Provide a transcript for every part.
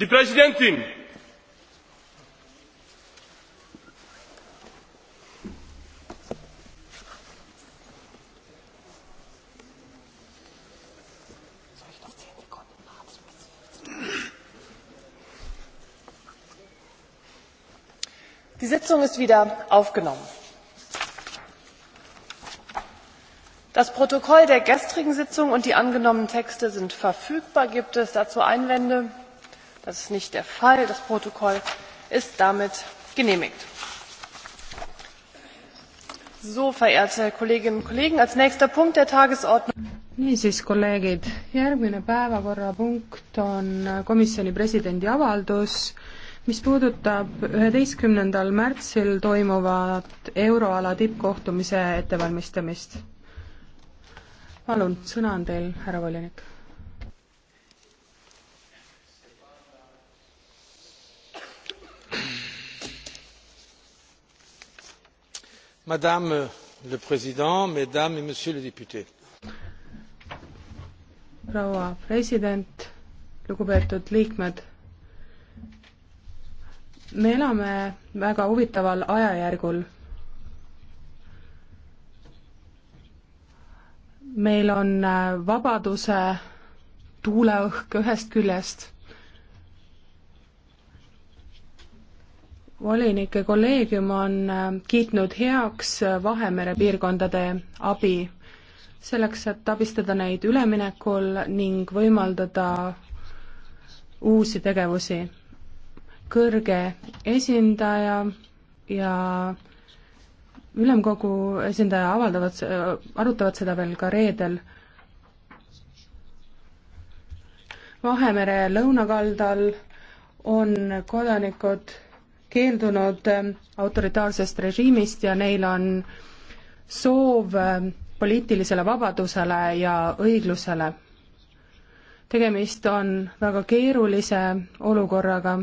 Die Präsidentin! Die Sitzung ist wieder aufgenommen. Das Protokoll der gestrigen Sitzung und die angenommenen Texte sind verfügbar. Gibt es dazu Einwände? das ist nicht der fall. das protokoll ist damit genehmigt. So, verehrte Kolleginnen und Kollegen, als nächster Punkt der Tagesordnung. niisiis, kolleegid, järgmine päevakorrapunkt on komisjoni presidendi avaldus, mis puudutab üheteistkümnendal märtsil toimuvat euroala tippkohtumise ettevalmistamist. palun, sõna on teil, härra volinik madame le président mesdames et messieurs les députés proua president lugupeetud liikmed me elame väga huvitaval ajajärgul meil on vabaduse tuuleõhk ühest küljest volinike kolleegium on äh, kiitnud heaks äh, Vahemere piirkondade abi selleks, et abistada neid üleminekul ning võimaldada uusi tegevusi. kõrge esindaja ja ülemkogu esindaja avaldavad, arutavad seda veel ka reedel Vahemere lõunakaldal on kodanikud keeldunud ähm, autoritaarsest režiimist ja neil on soov ähm, poliitilisele vabadusele ja õiglusele. tegemist on väga keerulise olukorraga,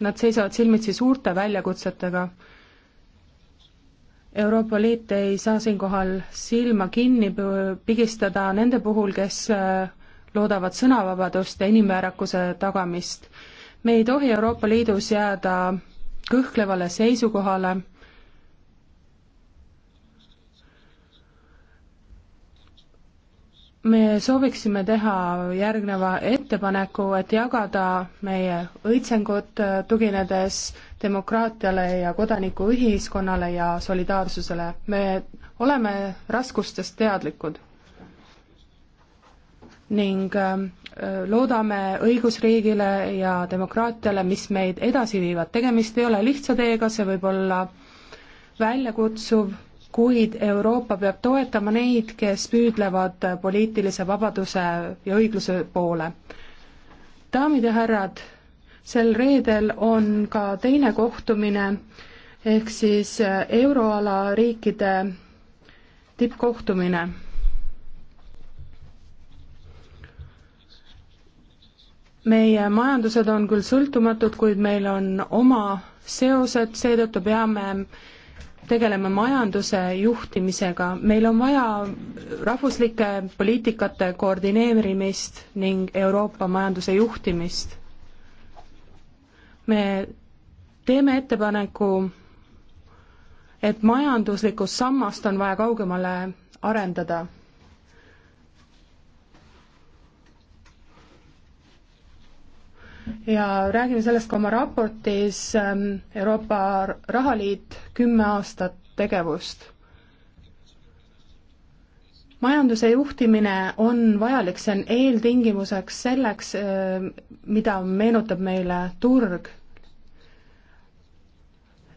nad seisavad silmitsi suurte väljakutsetega. Euroopa Liit ei saa siinkohal silma kinni pigistada nende puhul, kes äh, loodavad sõnavabadust ja inimväärikuse tagamist. me ei tohi Euroopa Liidus jääda kõhklevale seisukohale. me sooviksime teha järgneva ettepaneku, et jagada meie õitsengut, tuginedes demokraatiale ja kodanikuühiskonnale ja solidaarsusele. me oleme raskustest teadlikud ning äh, loodame õigusriigile ja demokraatiale, mis meid edasi viivad. tegemist ei ole lihtsa teega, see võib olla väljakutsuv, kuid Euroopa peab toetama neid, kes püüdlevad poliitilise vabaduse ja õigluse poole. daamid ja härrad, sel reedel on ka teine kohtumine ehk siis euroala riikide tippkohtumine meie majandused on küll sõltumatud, kuid meil on oma seosed, seetõttu peame tegeleme majanduse juhtimisega, meil on vaja rahvuslike poliitikate koordineerimist ning Euroopa majanduse juhtimist. me teeme ettepaneku, et majanduslikust sammast on vaja kaugemale arendada ja räägime sellest ka oma raportis ähm, Euroopa Rahaliit kümme aastat tegevust. majanduse juhtimine on vajalik, see on eeltingimuseks selleks, ähm, mida meenutab meile turg.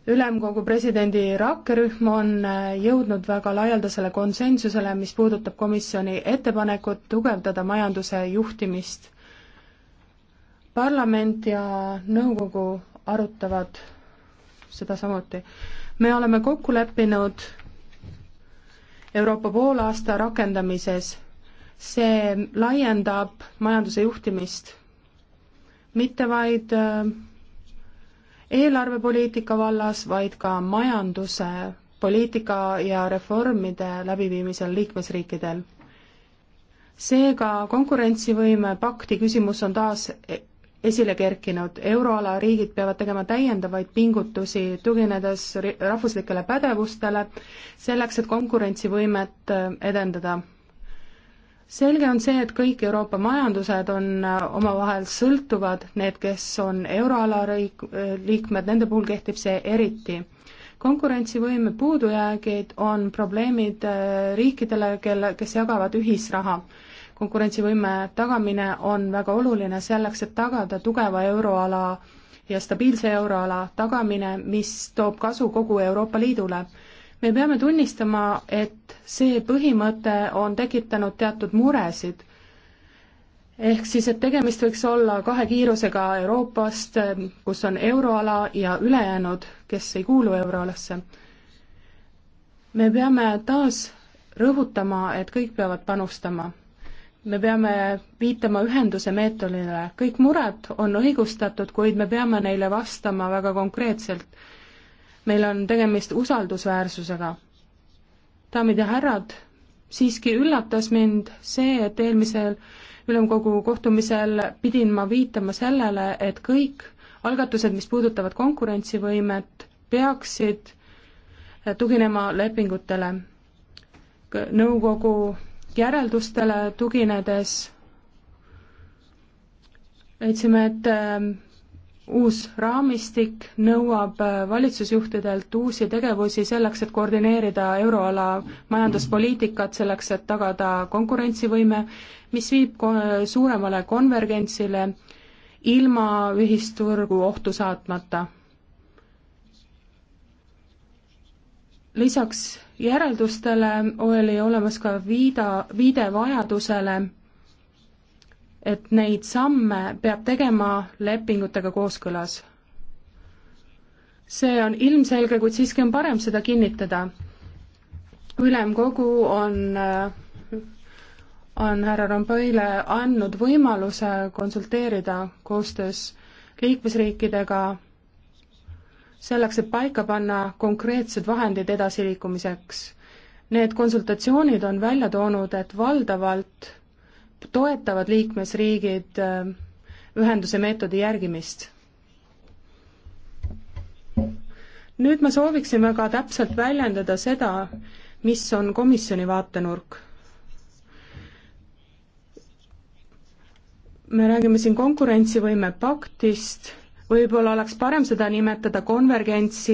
ülemkogu presidendi rakkerühm on äh, jõudnud väga laialdasele konsensusele, mis puudutab komisjoni ettepanekut tugevdada majanduse juhtimist parlament ja nõukogu arutavad seda samuti. me oleme kokku leppinud Euroopa poolaasta rakendamises, see laiendab majanduse juhtimist mitte vaid äh, eelarvepoliitika vallas, vaid ka majanduse poliitika ja reformide läbiviimisel liikmesriikidel. seega konkurentsivõime pakti küsimus on taas e- esile kerkinud. euroala riigid peavad tegema täiendavaid pingutusi, tuginedes rahvuslikele pädevustele, selleks, et konkurentsivõimet äh, edendada. selge on see, et kõik Euroopa majandused on äh, omavahel sõltuvad, need, kes on euroala riik-, äh, liikmed, nende puhul kehtib see eriti konkurentsivõime puudujäägid on probleemid riikidele, kelle, kes jagavad ühisraha konkurentsivõime tagamine on väga oluline selleks, et tagada tugeva euroala ja stabiilse euroala tagamine, mis toob kasu kogu Euroopa Liidule. me peame tunnistama, et see põhimõte on tekitanud teatud muresid, ehk siis, et tegemist võiks olla kahe kiirusega Euroopast, kus on euroala ja ülejäänud, kes ei kuulu euroalasse. me peame taas rõhutama, et kõik peavad panustama me peame viitama ühenduse meetodile, kõik mured on õigustatud, kuid me peame neile vastama väga konkreetselt. meil on tegemist usaldusväärsusega. daamid ja härrad, siiski üllatas mind see, et eelmisel ülemkogu kohtumisel pidin ma viitama sellele, et kõik algatused, mis puudutavad konkurentsivõimet, peaksid tuginema lepingutele. nõukogu järeldustele tuginedes leidsime, et ähm, uus raamistik nõuab äh, valitsusjuhtidelt uusi tegevusi selleks, et koordineerida euroala majanduspoliitikat, selleks, et tagada konkurentsivõime, mis viib suuremale konvergentsile ilma ühisturgu ohtu saatmata lisaks järeldustele oli olemas ka viida, viide vajadusele, et neid samme peab tegema lepingutega kooskõlas. see on ilmselge, kuid siiski on parem seda kinnitada. ülemkogu on, äh, on härra Rompuyle andnud võimaluse konsulteerida koostöös liikmesriikidega selleks, et paika panna konkreetsed vahendid edasiliikumiseks. Need konsultatsioonid on välja toonud, et valdavalt toetavad liikmesriigid äh, ühenduse meetodi järgimist. nüüd me sooviksime ka täpselt väljendada seda, mis on komisjoni vaatenurk me räägime siin konkurentsivõime paktist võib-olla oleks parem seda nimetada konvergentsi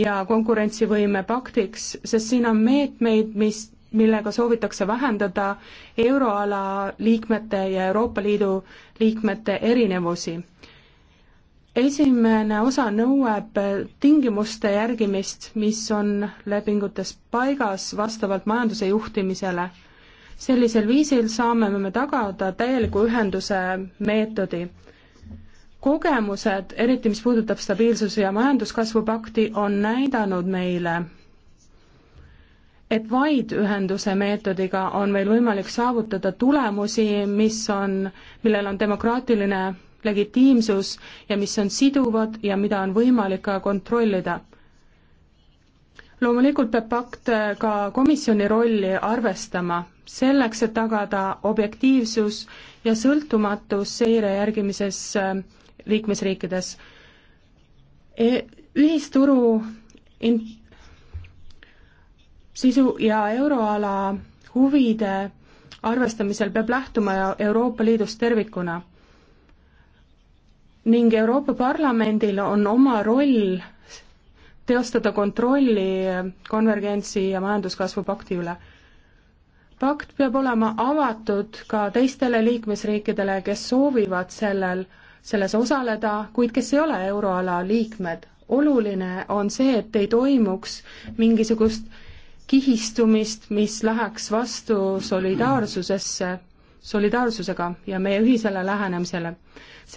ja konkurentsivõime paktiks, sest siin on meetmeid, mis, millega soovitakse vähendada euroala liikmete ja Euroopa Liidu liikmete erinevusi. esimene osa nõuab tingimuste järgimist, mis on lepingutes paigas vastavalt majanduse juhtimisele. sellisel viisil saame me tagada täieliku ühenduse meetodi kogemused, eriti mis puudutab stabiilsuse ja majanduskasvu pakti, on näidanud meile, et vaid ühenduse meetodiga on meil võimalik saavutada tulemusi, mis on, millel on demokraatiline legitiimsus ja mis on siduvad ja mida on võimalik ka kontrollida. loomulikult peab pakt ka komisjoni rolli arvestama, selleks et tagada objektiivsus ja sõltumatus seire järgimises äh, liikmesriikides e,. ühisturu in-, sisu ja euroala huvide arvestamisel peab lähtuma e, Euroopa Liidust tervikuna. ning Euroopa Parlamendil on oma roll teostada kontrolli konvergentsi ja majanduskasvu pakti üle. pakt peab olema avatud ka teistele liikmesriikidele, kes soovivad sellel äh, selles osaleda, kuid kes ei ole euroala liikmed. oluline on see, et ei toimuks mingisugust kihistumist, mis läheks vastu solidaarsusesse, solidaarsusega ja meie ühisele lähenemisele.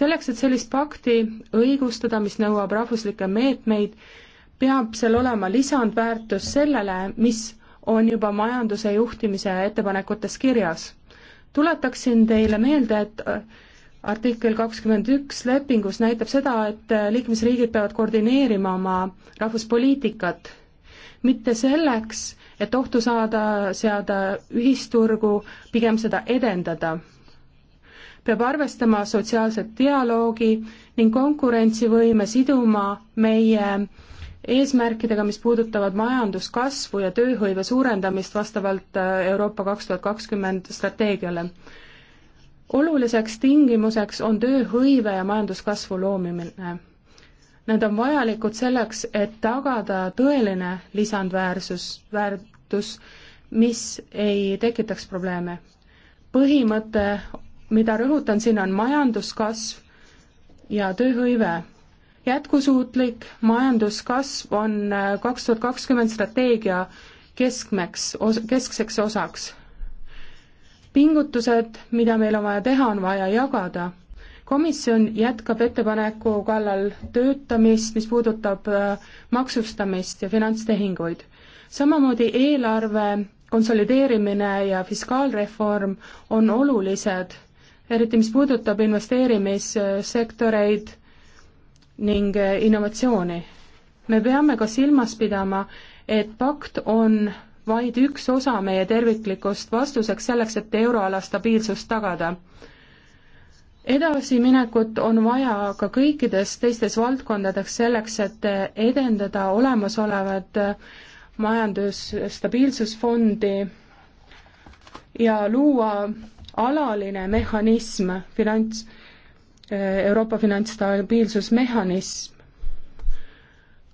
selleks, et sellist pakti õigustada, mis nõuab rahvuslikke meetmeid, peab seal olema lisandväärtus sellele, mis on juba majanduse juhtimise ettepanekutes kirjas. tuletaksin teile meelde, et äh, artikkel kakskümmend üks lepingus näitab seda, et liikmesriigid peavad koordineerima oma rahvuspoliitikat, mitte selleks, et ohtu saada, seada ühisturgu, pigem seda edendada. peab arvestama sotsiaalset dialoogi ning konkurentsivõime siduma meie eesmärkidega, mis puudutavad majanduskasvu ja tööhõive suurendamist vastavalt äh, Euroopa kaks tuhat kakskümmend strateegiale oluliseks tingimuseks on tööhõive ja majanduskasvu loomimine. Need on vajalikud selleks, et tagada tõeline lisandväärsus, väärtus, mis ei tekitaks probleeme. põhimõte, mida rõhutan siin, on majanduskasv ja tööhõive. jätkusuutlik majanduskasv on äh, kaks tuhat kakskümmend strateegia keskmeks, keskseks osaks pingutused, mida meil on vaja teha, on vaja jagada. komisjon jätkab ettepaneku kallal töötamist, mis puudutab äh, maksustamist ja finantstehinguid. samamoodi eelarve konsolideerimine ja fiskaalreform on olulised, eriti mis puudutab investeerimissektoreid ning äh, innovatsiooni. me peame ka silmas pidama, et pakt on vaid üks osa meie terviklikust vastuseks selleks, et euroala stabiilsust tagada. edasiminekut on vaja ka kõikides teistes valdkondades selleks, et edendada olemasolevat majandusstabiilsusfondi ja luua alaline mehhanism, finants, Euroopa finantsstabiilsusmehhanism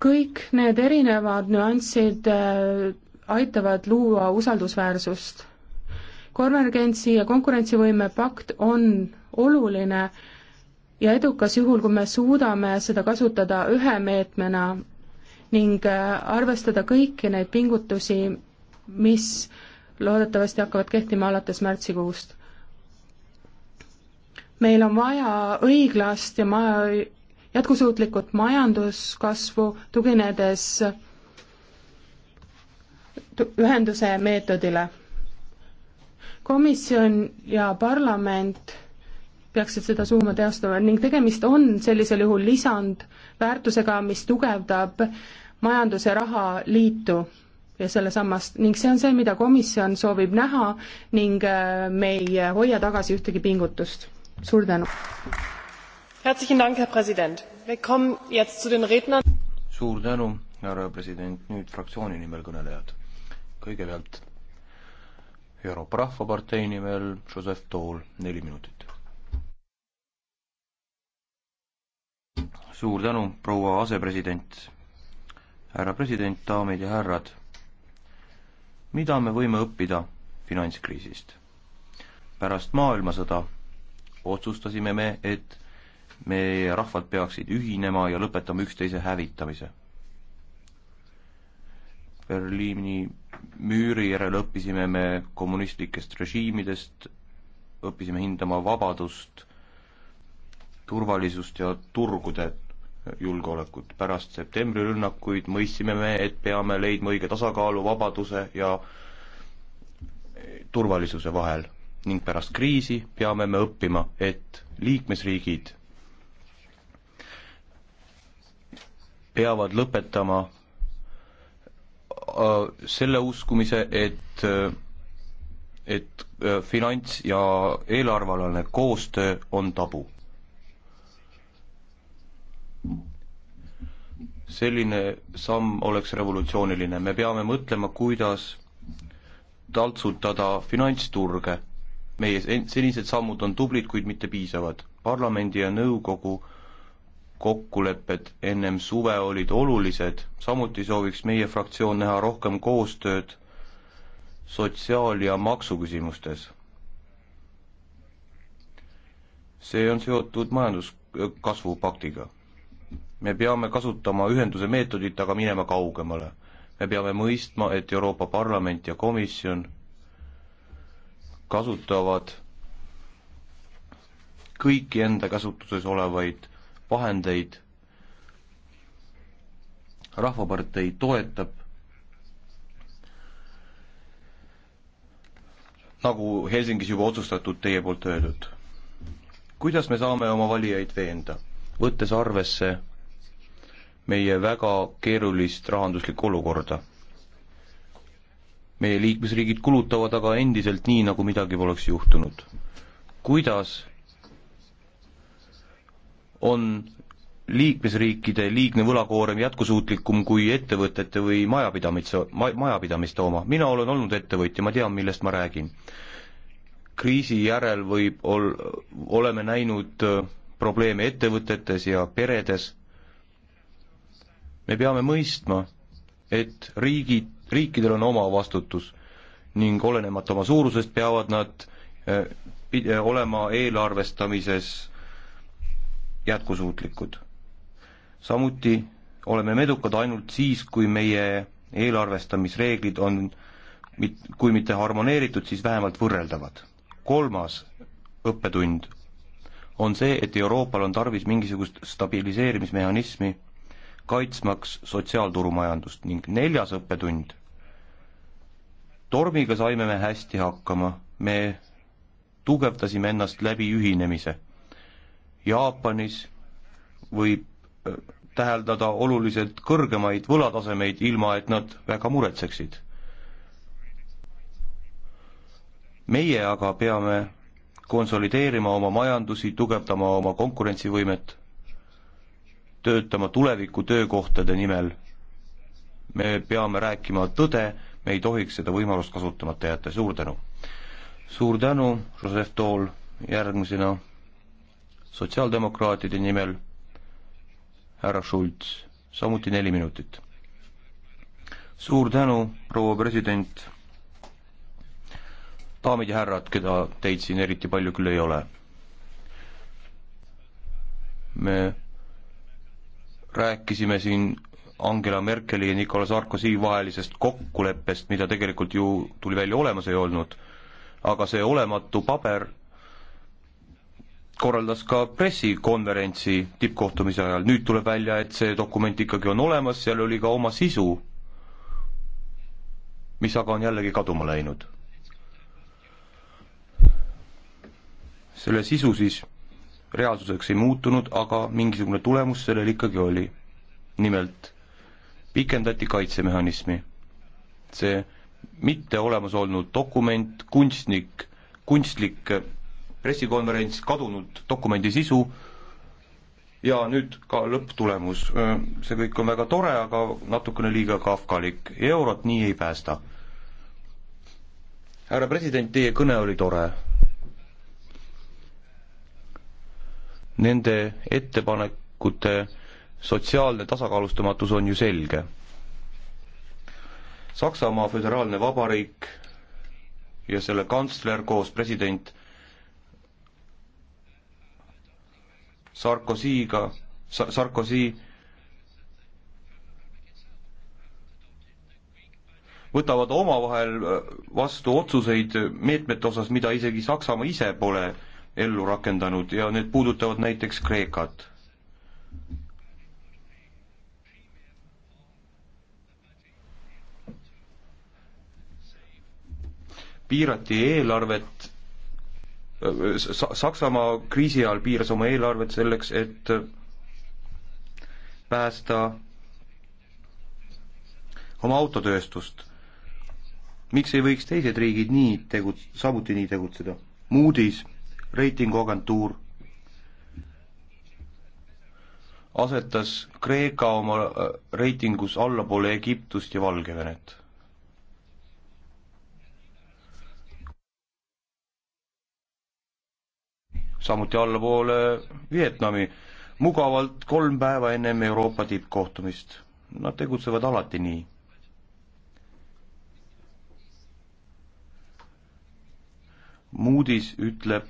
kõik need erinevad nüansid aitavad luua usaldusväärsust. konvergentsi ja konkurentsivõime pakt on oluline ja edukas juhul, kui me suudame seda kasutada ühe meetmena ning arvestada kõiki neid pingutusi, mis loodetavasti hakkavad kehtima alates märtsikuust. meil on vaja õiglast ja ma-, jätkusuutlikut majanduskasvu, tuginedes ühenduse meetodile. komisjon ja parlament peaksid seda suuma teostama ning tegemist on sellisel juhul lisandväärtusega, mis tugevdab majandus- ja rahaliitu ja selle sammast ning see on see, mida komisjon soovib näha ning äh, me ei äh, hoia tagasi ühtegi pingutust. suur tänu. suur tänu, härra president, nüüd fraktsiooni nimel kõnelejad kõigepealt Euroopa Rahvapartei nimel Joseph Tool, neli minutit. suur tänu, proua asepresident, härra president, daamid ja härrad. mida me võime õppida finantskriisist? pärast maailmasõda otsustasime me, et meie rahvad peaksid ühinema ja lõpetama üksteise hävitamise. Berliini müüri järel õppisime me kommunistlikest režiimidest, õppisime hindama vabadust, turvalisust ja turgude julgeolekut. pärast septembri rünnakuid mõistsime me, et peame leidma õige tasakaalu vabaduse ja turvalisuse vahel ning pärast kriisi peame me õppima, et liikmesriigid peavad lõpetama Äh, selle uskumise, et, äh, et äh, finants- ja eelarvealane koostöö on tabu. selline samm oleks revolutsiooniline, me peame mõtlema, kuidas taltsutada finantsturge. meie senised sammud on tublid, kuid mitte piisavad. parlamendi ja nõukogu kokkulepped ennem suve olid olulised, samuti sooviks meie fraktsioon näha rohkem koostööd sotsiaal- ja maksuküsimustes. see on seotud majanduskasvu paktiga. me peame kasutama ühenduse meetodit, aga minema kaugemale. me peame mõistma, et Euroopa Parlament ja Komisjon kasutavad kõiki enda käsutuses olevaid vahendeid. rahvapartei toetab nagu Helsingis juba otsustatud teie poolt öeldud. kuidas me saame oma valijaid veenda, võttes arvesse meie väga keerulist rahanduslikku olukorda? meie liikmesriigid kulutavad aga endiselt nii, nagu midagi poleks juhtunud. kuidas on liikmesriikide liigne võlakoorem jätkusuutlikum kui ettevõtete või majapidamise ma,, majapidamiste oma. mina olen olnud ettevõtja, ma tean, millest ma räägin. kriisi järel võib ol-, oleme näinud äh, probleeme ettevõtetes ja peredes. me peame mõistma, et riigid, riikidel on oma vastutus ning olenemata oma suurusest peavad nad äh, olema eelarvestamises jätkusuutlikud. samuti oleme me edukad ainult siis, kui meie eelarvestamisreeglid on mit-, kui mitte harmoneeritud, siis vähemalt võrreldavad. kolmas õppetund on see, et Euroopal on tarvis mingisugust stabiliseerimismehhanismi, kaitsmaks sotsiaalturumajandust ning neljas õppetund, tormiga saime me hästi hakkama, me tugevdasime ennast läbi ühinemise Jaapanis võib äh, täheldada oluliselt kõrgemaid võlatasemeid, ilma et nad väga muretseksid. meie aga peame konsolideerima oma majandusi, tugevdama oma konkurentsivõimet, töötama tuleviku töökohtade nimel. me peame rääkima tõde, me ei tohiks seda võimalust kasutamata jätta, suur tänu! suur tänu, Joseph Tool, järgmisena sotsiaaldemokraatide nimel härra Schulz, samuti neli minutit. suur tänu, proua president, daamid ja härrad, keda teid siin eriti palju küll ei ole. me rääkisime siin Angela Merkeli ja Nicolas Sarkozy vahelisest kokkuleppest, mida tegelikult ju tuli välja olemas ei olnud, aga see olematu paber korraldas ka pressikonverentsi tippkohtumise ajal, nüüd tuleb välja, et see dokument ikkagi on olemas, seal oli ka oma sisu, mis aga on jällegi kaduma läinud. selle sisu siis reaalsuseks ei muutunud, aga mingisugune tulemus sellel ikkagi oli. nimelt pikendati kaitsemehhanismi. see mitte olemas olnud dokument, kunstnik, kunstlik pressikonverents kadunud dokumendi sisu ja nüüd ka lõpptulemus. see kõik on väga tore, aga natukene liiga kafkalik. eurot nii ei päästa. härra president, teie kõne oli tore. Nende ettepanekute sotsiaalne tasakaalustamatus on ju selge. Saksamaa Föderaalne Vabariik ja selle kantsler koos president Sarkozyga, Sarkozy võtavad omavahel äh, vastu otsuseid meetmete osas, mida isegi Saksamaa ise pole ellu rakendanud ja need puudutavad näiteks Kreekat. piirati eelarvet Saksamaa kriisi ajal piiras oma eelarvet selleks, et päästa oma autotööstust. miks ei võiks teised riigid nii tegut-, samuti nii tegutseda? Moody's, reitinguagentuur, asetas Kreeka oma äh, reitingus allapoole Egiptust ja Valgevenet samuti allapoole Vietnami, mugavalt kolm päeva ennem Euroopa tippkohtumist. Nad tegutsevad alati nii. Moody's ütleb,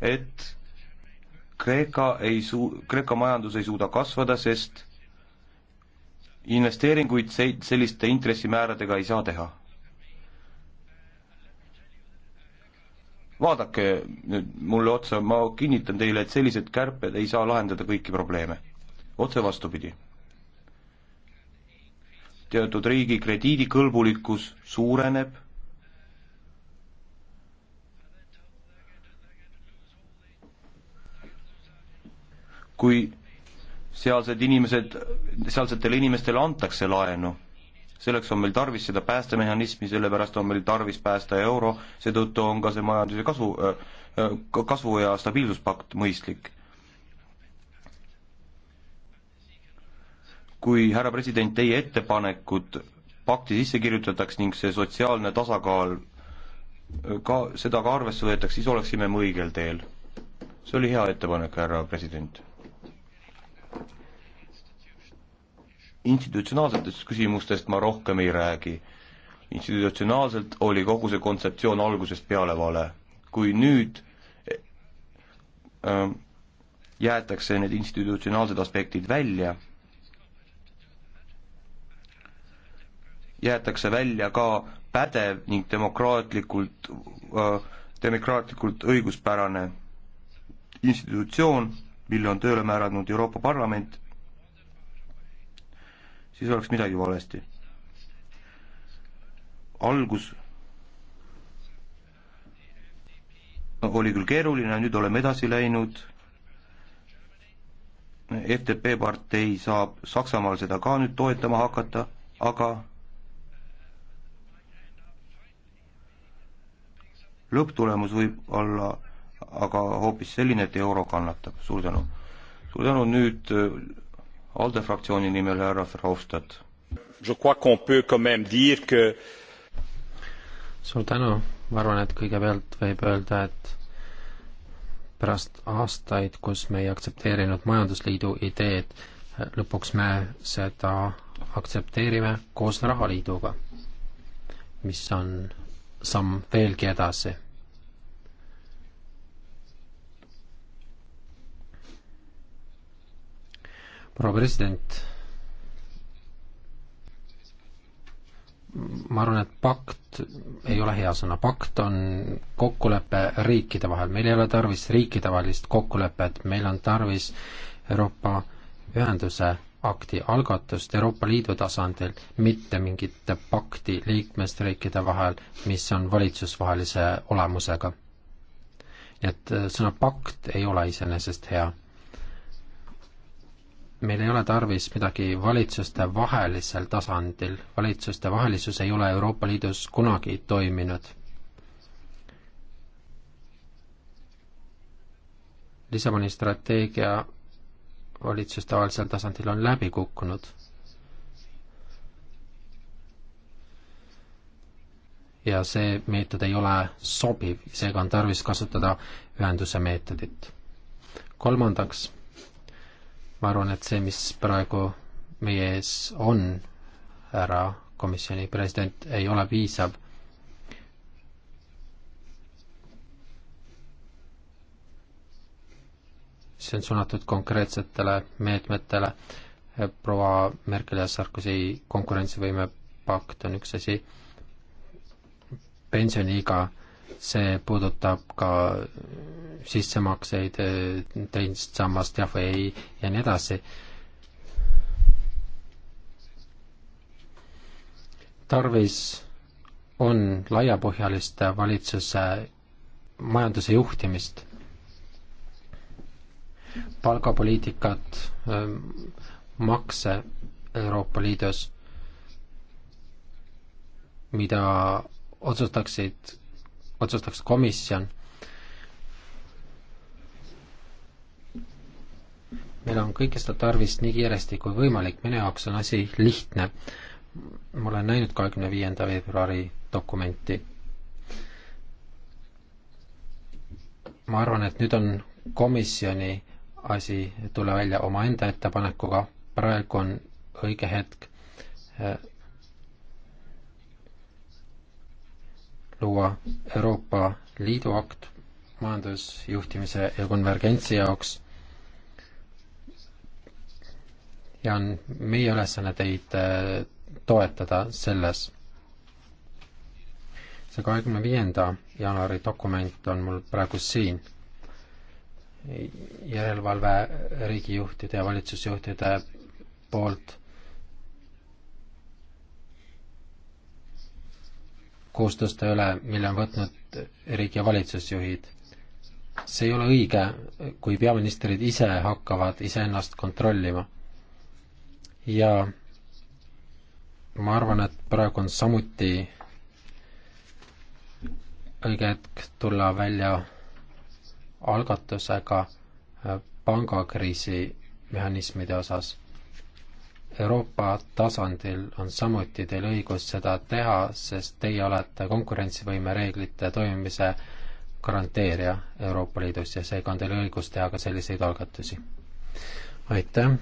et Kreeka ei suu-, Kreeka majandus ei suuda kasvada, sest investeeringuid se-, selliste intressimääradega ei saa teha. vaadake nüüd mulle otsa, ma kinnitan teile, et sellised kärped ei saa lahendada kõiki probleeme. otse vastupidi. teatud riigi krediidikõlbulikkus suureneb kui sealsed inimesed, sealsetele inimestele antakse laenu. selleks on meil tarvis seda päästemehhanismi, sellepärast on meil tarvis päästa euro, seetõttu on ka see majanduse kasu, äh, äh, kasvu- ja stabiilsuspakt mõistlik. kui härra president, teie ettepanekud pakti sisse kirjutataks ning see sotsiaalne tasakaal äh, ka, seda ka arvesse võetaks, siis oleksime me õigel teel. see oli hea ettepanek, härra president institutsionaalsetest küsimustest ma rohkem ei räägi. institutsionaalselt oli kogu see kontseptsioon algusest peale vale. kui nüüd äh, jäetakse need institutsionaalsed aspektid välja, jäetakse välja ka pädev ning demokraatlikult äh,, demokraatlikult õiguspärane institutsioon, mille on tööle määranud Euroopa Parlament siis oleks midagi valesti. algus oli küll keeruline, nüüd oleme edasi läinud, FDP partei saab Saksamaal seda ka nüüd toetama hakata, aga lõpptulemus võib olla aga hoopis selline, et euro kannatab, suur tänu. suur tänu, nüüd ALDE fraktsiooni nimel härra Verhofstadt. suur tänu, ma arvan, et kõigepealt võib öelda, et pärast aastaid, kus me ei aktsepteerinud majandusliidu ideed, lõpuks me seda aktsepteerime koos rahaliiduga, mis on samm veelgi edasi proua president, ma arvan, et pakt ei ole hea sõna, pakt on kokkulepe riikide vahel, meil ei ole tarvis riikidevahelist kokkulepet, meil on tarvis Euroopa ühenduse akti algatust Euroopa Liidu tasandil, mitte mingit pakti liikmesriikide vahel, mis on valitsusvahelise olemusega. nii et äh, sõna pakt ei ole iseenesest hea meil ei ole tarvis midagi valitsuste vahelisel tasandil, valitsuste vahelisus ei ole Euroopa Liidus kunagi toiminud. Lissaboni strateegia valitsustevahelisel tasandil on läbi kukkunud. ja see meetod ei ole sobiv, seega on tarvis kasutada ühenduse meetodit. kolmandaks ma arvan, et see, mis praegu meie ees on, härra komisjoni president, ei ole piisav. see on suunatud konkreetsetele meetmetele. proua Merkel ja Sarkozy konkurentsivõime pakt on üks asi, pensioniiga see puudutab ka sissemakseid teisest sammast jah või ei ja nii edasi. tarvis on laiapõhjalist valitsuse majanduse juhtimist, palgapoliitikat, ähm, makse Euroopa Liidus, mida otsustaksid otsustaks komisjon. meil on kõike seda tarvis nii kiiresti kui võimalik, minu jaoks on asi lihtne. ma olen näinud kahekümne viienda veebruari dokumenti. ma arvan, et nüüd on komisjoni asi tulla välja omaenda ettepanekuga, praegu on õige hetk eh, luua Euroopa Liidu akt majandusjuhtimise ja konvergentsi jaoks. ja on meie ülesanne teid äh, toetada selles. see kahekümne viienda jaanuari dokument on mul praegu siin. järelevalve riigijuhtide ja valitsusjuhtide poolt kohustuste üle, mille on võtnud riigi ja valitsusjuhid. see ei ole õige, kui peaministrid ise hakkavad iseennast kontrollima. ja ma arvan, et praegu on samuti õige hetk tulla välja algatusega pangakriisi mehhanismide osas Euroopa tasandil on samuti teil õigus seda teha, sest teie olete konkurentsivõime reeglite toimimise garanteerija Euroopa Liidus ja seega on teil õigus teha ka selliseid algatusi. aitäh!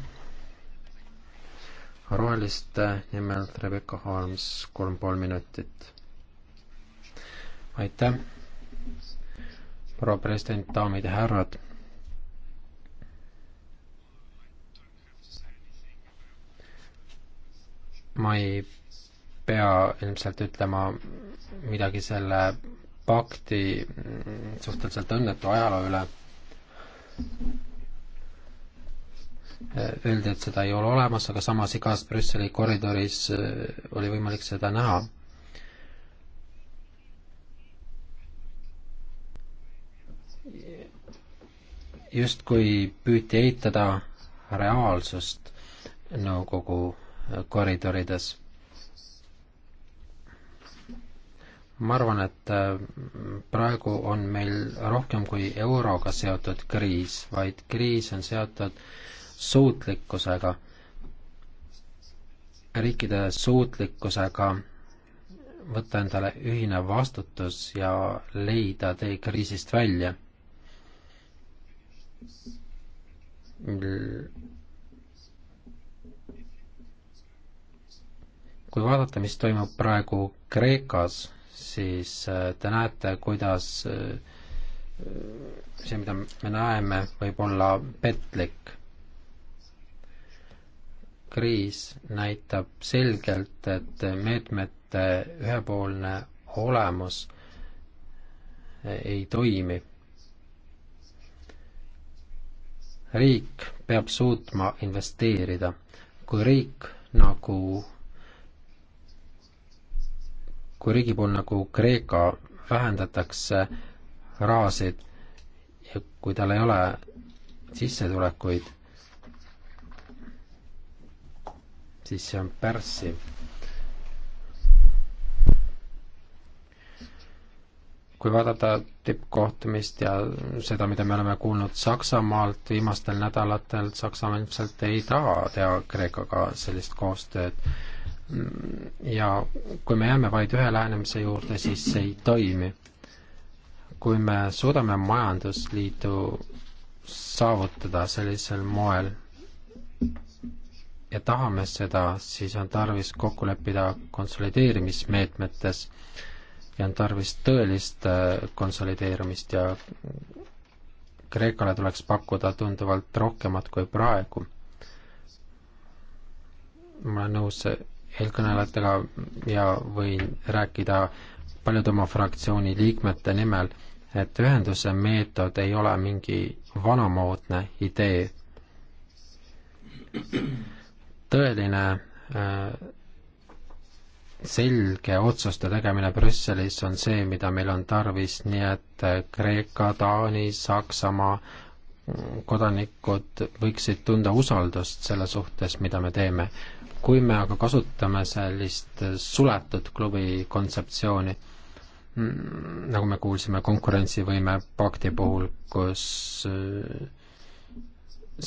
roheliste nimel Rebecca Harms, kolm pool minutit. aitäh! proua president, daamid ja härrad ma ei pea ilmselt ütlema midagi selle pakti suhteliselt õnnetu ajaloo üle. Öeldi, et seda ei ole olemas, aga samas igas Brüsseli koridoris äh, oli võimalik seda näha. justkui püüti eitada reaalsust nõukogu koridorides. ma arvan, et äh, praegu on meil rohkem kui euroga seotud kriis, vaid kriis on seotud suutlikkusega, riikide suutlikkusega võtta endale ühine vastutus ja leida tee kriisist välja kui vaadata, mis toimub praegu Kreekas, siis äh, te näete, kuidas äh, see, mida me näeme, võib olla petlik. kriis näitab selgelt, et meetmete ühepoolne olemus ei toimi. riik peab suutma investeerida. kui riik nagu kui riigi puhul nagu Kreeka vähendatakse rahasid ja kui tal ei ole sissetulekuid, siis see on pärssiv. kui vaadata tippkohtumist ja seda, mida me oleme kuulnud Saksamaalt viimastel nädalatel, Saksamaa ilmselt ei taha teha Kreekaga sellist koostööd ja kui me jääme vaid ühe lähenemise juurde, siis see ei toimi. kui me suudame majandusliidu saavutada sellisel moel ja tahame seda, siis on tarvis kokku leppida konsolideerimismeetmetes ja on tarvis tõelist äh, konsolideerumist ja Kreekale tuleks pakkuda tunduvalt rohkemat kui praegu. ma olen nõus eelkõnelejatega ja võin rääkida paljude oma fraktsiooni liikmete nimel, et ühenduse meetod ei ole mingi vanamoodne idee. tõeline äh, selge otsuste tegemine Brüsselis on see, mida meil on tarvis, nii et Kreeka, Taani, Saksamaa kodanikud võiksid tunda usaldust selle suhtes, mida me teeme kui me aga kasutame sellist suletud klubi kontseptsiooni, mm, nagu me kuulsime konkurentsivõime pakti puhul, kus äh,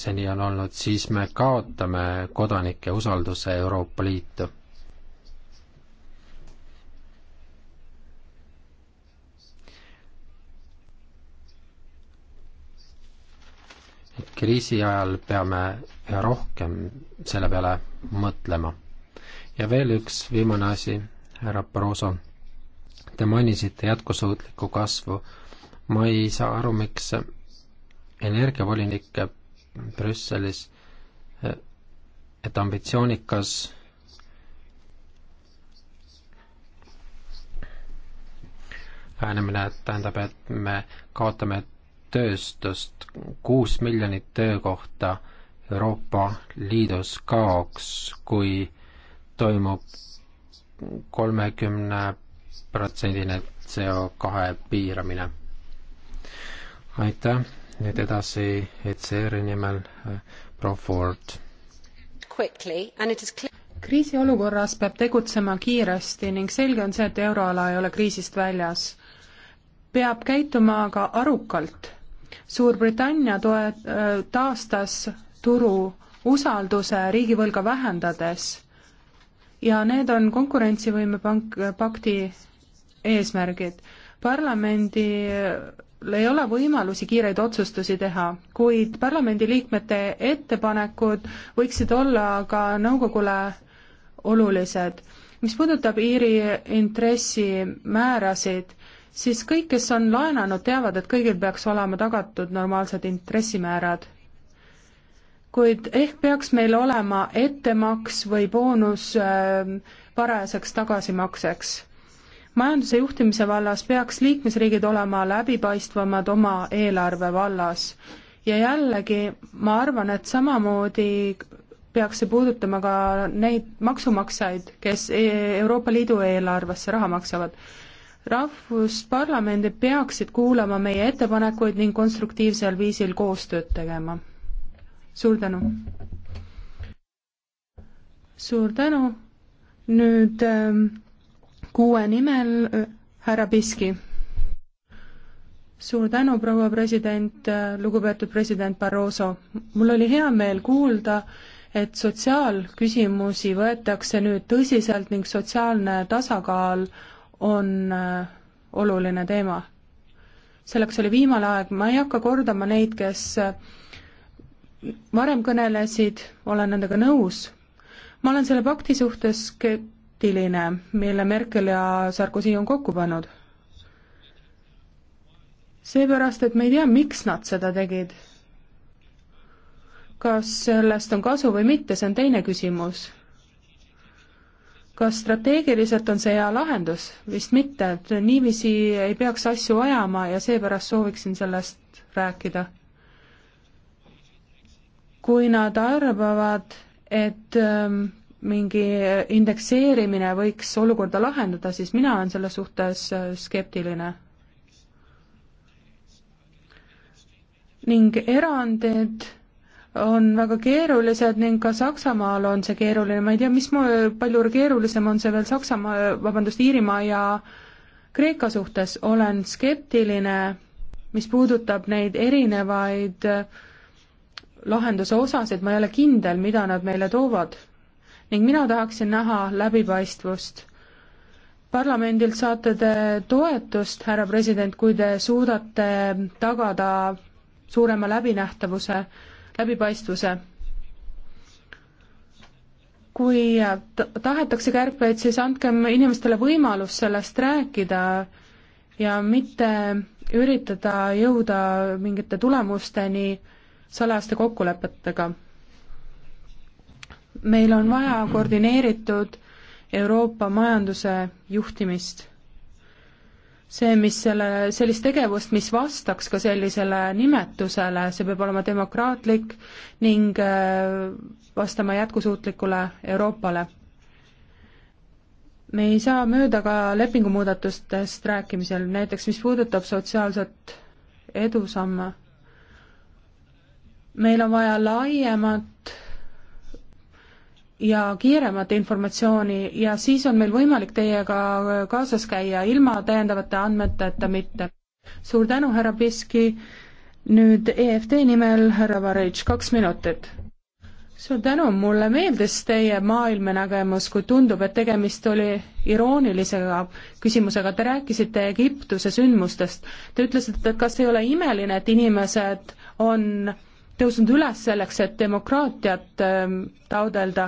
seni on olnud, siis me kaotame kodanike usalduse Euroopa Liitu. kriisi ajal peame üha rohkem selle peale mõtlema. ja veel üks viimane asi, härra Barroso. Te mainisite jätkusuutlikku kasvu. ma ei saa aru, miks energiavolinik Brüsselis, eh, et ambitsioonikas lähenemine tähendab, et me kaotame tööstust, kuus miljonit töökohta äh, Euroopa Liidus kaoks, kui toimub kolmekümne protsendine CO kahe piiramine. aitäh, nüüd edasi ECR-i nimel äh, proua Ford. kriisiolukorras peab tegutsema kiiresti ning selge on see, et euroala ei ole kriisist väljas. peab käituma aga arukalt. Suurbritannia toe-, äh, taastas turu usalduse riigivõlga vähendades. ja need on konkurentsivõime pank, pakti eesmärgid. parlamendil ei ole võimalusi kiireid otsustusi teha, kuid parlamendiliikmete ettepanekud võiksid olla ka nõukogule olulised. mis puudutab Iiri intressimäärasid, siis kõik, kes on laenanud, teavad, et kõigil peaks olema tagatud normaalsed intressimäärad kuid ehk peaks meil olema ettemaks või boonus ähm, parajaseks tagasimakseks. majanduse juhtimise vallas peaks liikmesriigid olema läbipaistvamad oma eelarve vallas. ja jällegi, ma arvan, et samamoodi peaks see puudutama ka neid maksumaksjaid, kes e-, Euroopa Liidu eelarvesse raha maksavad. rahvusparlamendid peaksid kuulama meie ettepanekuid ning konstruktiivsel viisil koostööd tegema suur tänu! suur tänu, nüüd ähm, kuue nimel äh, härra Piski. suur tänu, proua president äh,, lugupeetud president Barroso. mul oli hea meel kuulda, et sotsiaalküsimusi võetakse nüüd tõsiselt ning sotsiaalne tasakaal on äh, oluline teema. selleks oli viimane aeg, ma ei hakka kordama neid, kes äh, varem kõnelesid, olen nendega nõus. ma olen selle pakti suhtes skeptiline, mille Merkel ja Sarkozy on kokku pannud. seepärast, et me ei tea, miks nad seda tegid. kas sellest on kasu või mitte, see on teine küsimus. kas strateegiliselt on see hea lahendus? vist mitte, et niiviisi ei peaks asju ajama ja seepärast sooviksin sellest rääkida kui nad arvavad, et ähm, mingi indekseerimine võiks olukorda lahendada, siis mina olen selle suhtes äh, skeptiline. ning erandid on väga keerulised ning ka Saksamaal on see keeruline, ma ei tea, mis, palju keerulisem on see veel Saksamaa, vabandust, Iirimaa ja Kreeka suhtes, olen skeptiline, mis puudutab neid erinevaid äh, lahenduse osas, et ma ei ole kindel, mida nad meile toovad. ning mina tahaksin näha läbipaistvust. parlamendilt saate te toetust, härra president, kui te suudate tagada suurema läbinähtavuse, läbipaistvuse. kui tahetakse kärpeid, siis andkem inimestele võimalus sellest rääkida ja mitte üritada jõuda mingite tulemusteni, salajaste kokkulepetega. meil on vaja koordineeritud Euroopa majanduse juhtimist. see, mis selle, sellist tegevust, mis vastaks ka sellisele nimetusele, see peab olema demokraatlik ning äh, vastama jätkusuutlikule Euroopale. me ei saa mööda ka lepingumuudatustest rääkimisel, näiteks mis puudutab sotsiaalset edusamme meil on vaja laiemat ja kiiremat informatsiooni ja siis on meil võimalik teiega kaasas käia ilma täiendavate andmeteta mitte. suur tänu, härra Piski, nüüd EFT nimel härra Varõitš, kaks minutit. suur tänu, mulle meeldis teie maailmanägemus, kui tundub, et tegemist oli iroonilisega küsimusega, te rääkisite Egiptuse sündmustest. Te ütlesite, et kas ei ole imeline, et inimesed on tõusnud üles selleks, et demokraatiat ähm, taodelda.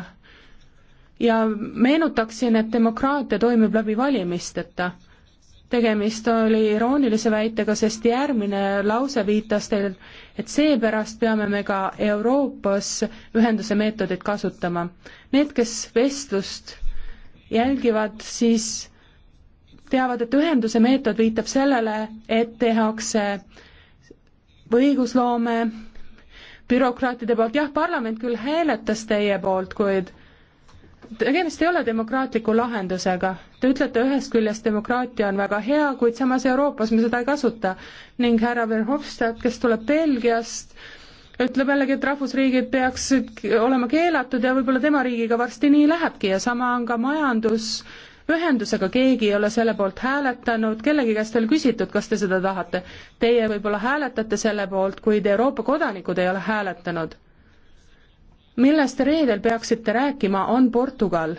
ja meenutaksin, et demokraatia toimib läbi valimisteta. tegemist oli iroonilise väitega, sest järgmine lause viitas teil, et seepärast peame me ka Euroopas ühenduse meetodit kasutama. Need, kes vestlust jälgivad, siis teavad, et ühenduse meetod viitab sellele, et tehakse õigusloome bürokraatide poolt, jah, parlament küll hääletas teie poolt, kuid tegemist ei ole demokraatliku lahendusega. Te ütlete ühest küljest demokraatia on väga hea, kuid samas Euroopas me seda ei kasuta ning härra Verhofstadt, kes tuleb Belgiast, ütleb jällegi, et rahvusriigid peaksid olema keelatud ja võib-olla tema riigiga varsti nii lähebki ja sama on ka majandus ühendusega, keegi ei ole selle poolt hääletanud, kellegi käest ei ole küsitud, kas te seda tahate. Teie võib-olla hääletate selle poolt, kuid Euroopa kodanikud ei ole hääletanud. millest reedel peaksite rääkima, on Portugal,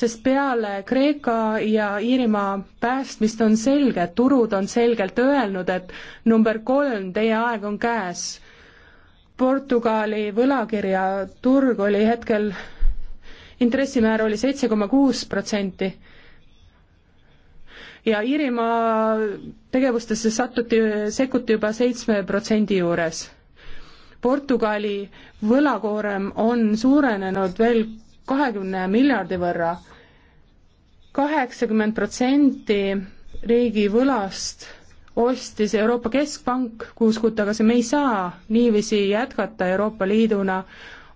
sest peale Kreeka ja Iirimaa päästmist on selge, turud on selgelt öelnud, et number kolm, teie aeg on käes Portugali võlakirjaturg oli hetkel intressimäär oli seitse koma kuus protsenti. ja Iirimaa tegevustesse sattuti, sekkuti juba seitsme protsendi juures. Portugali võlakoorem on suurenenud veel kahekümne miljardi võrra, kaheksakümmend protsenti riigi võlast ostis Euroopa Keskpank kuus kuud tagasi, me ei saa niiviisi jätkata Euroopa Liiduna äh,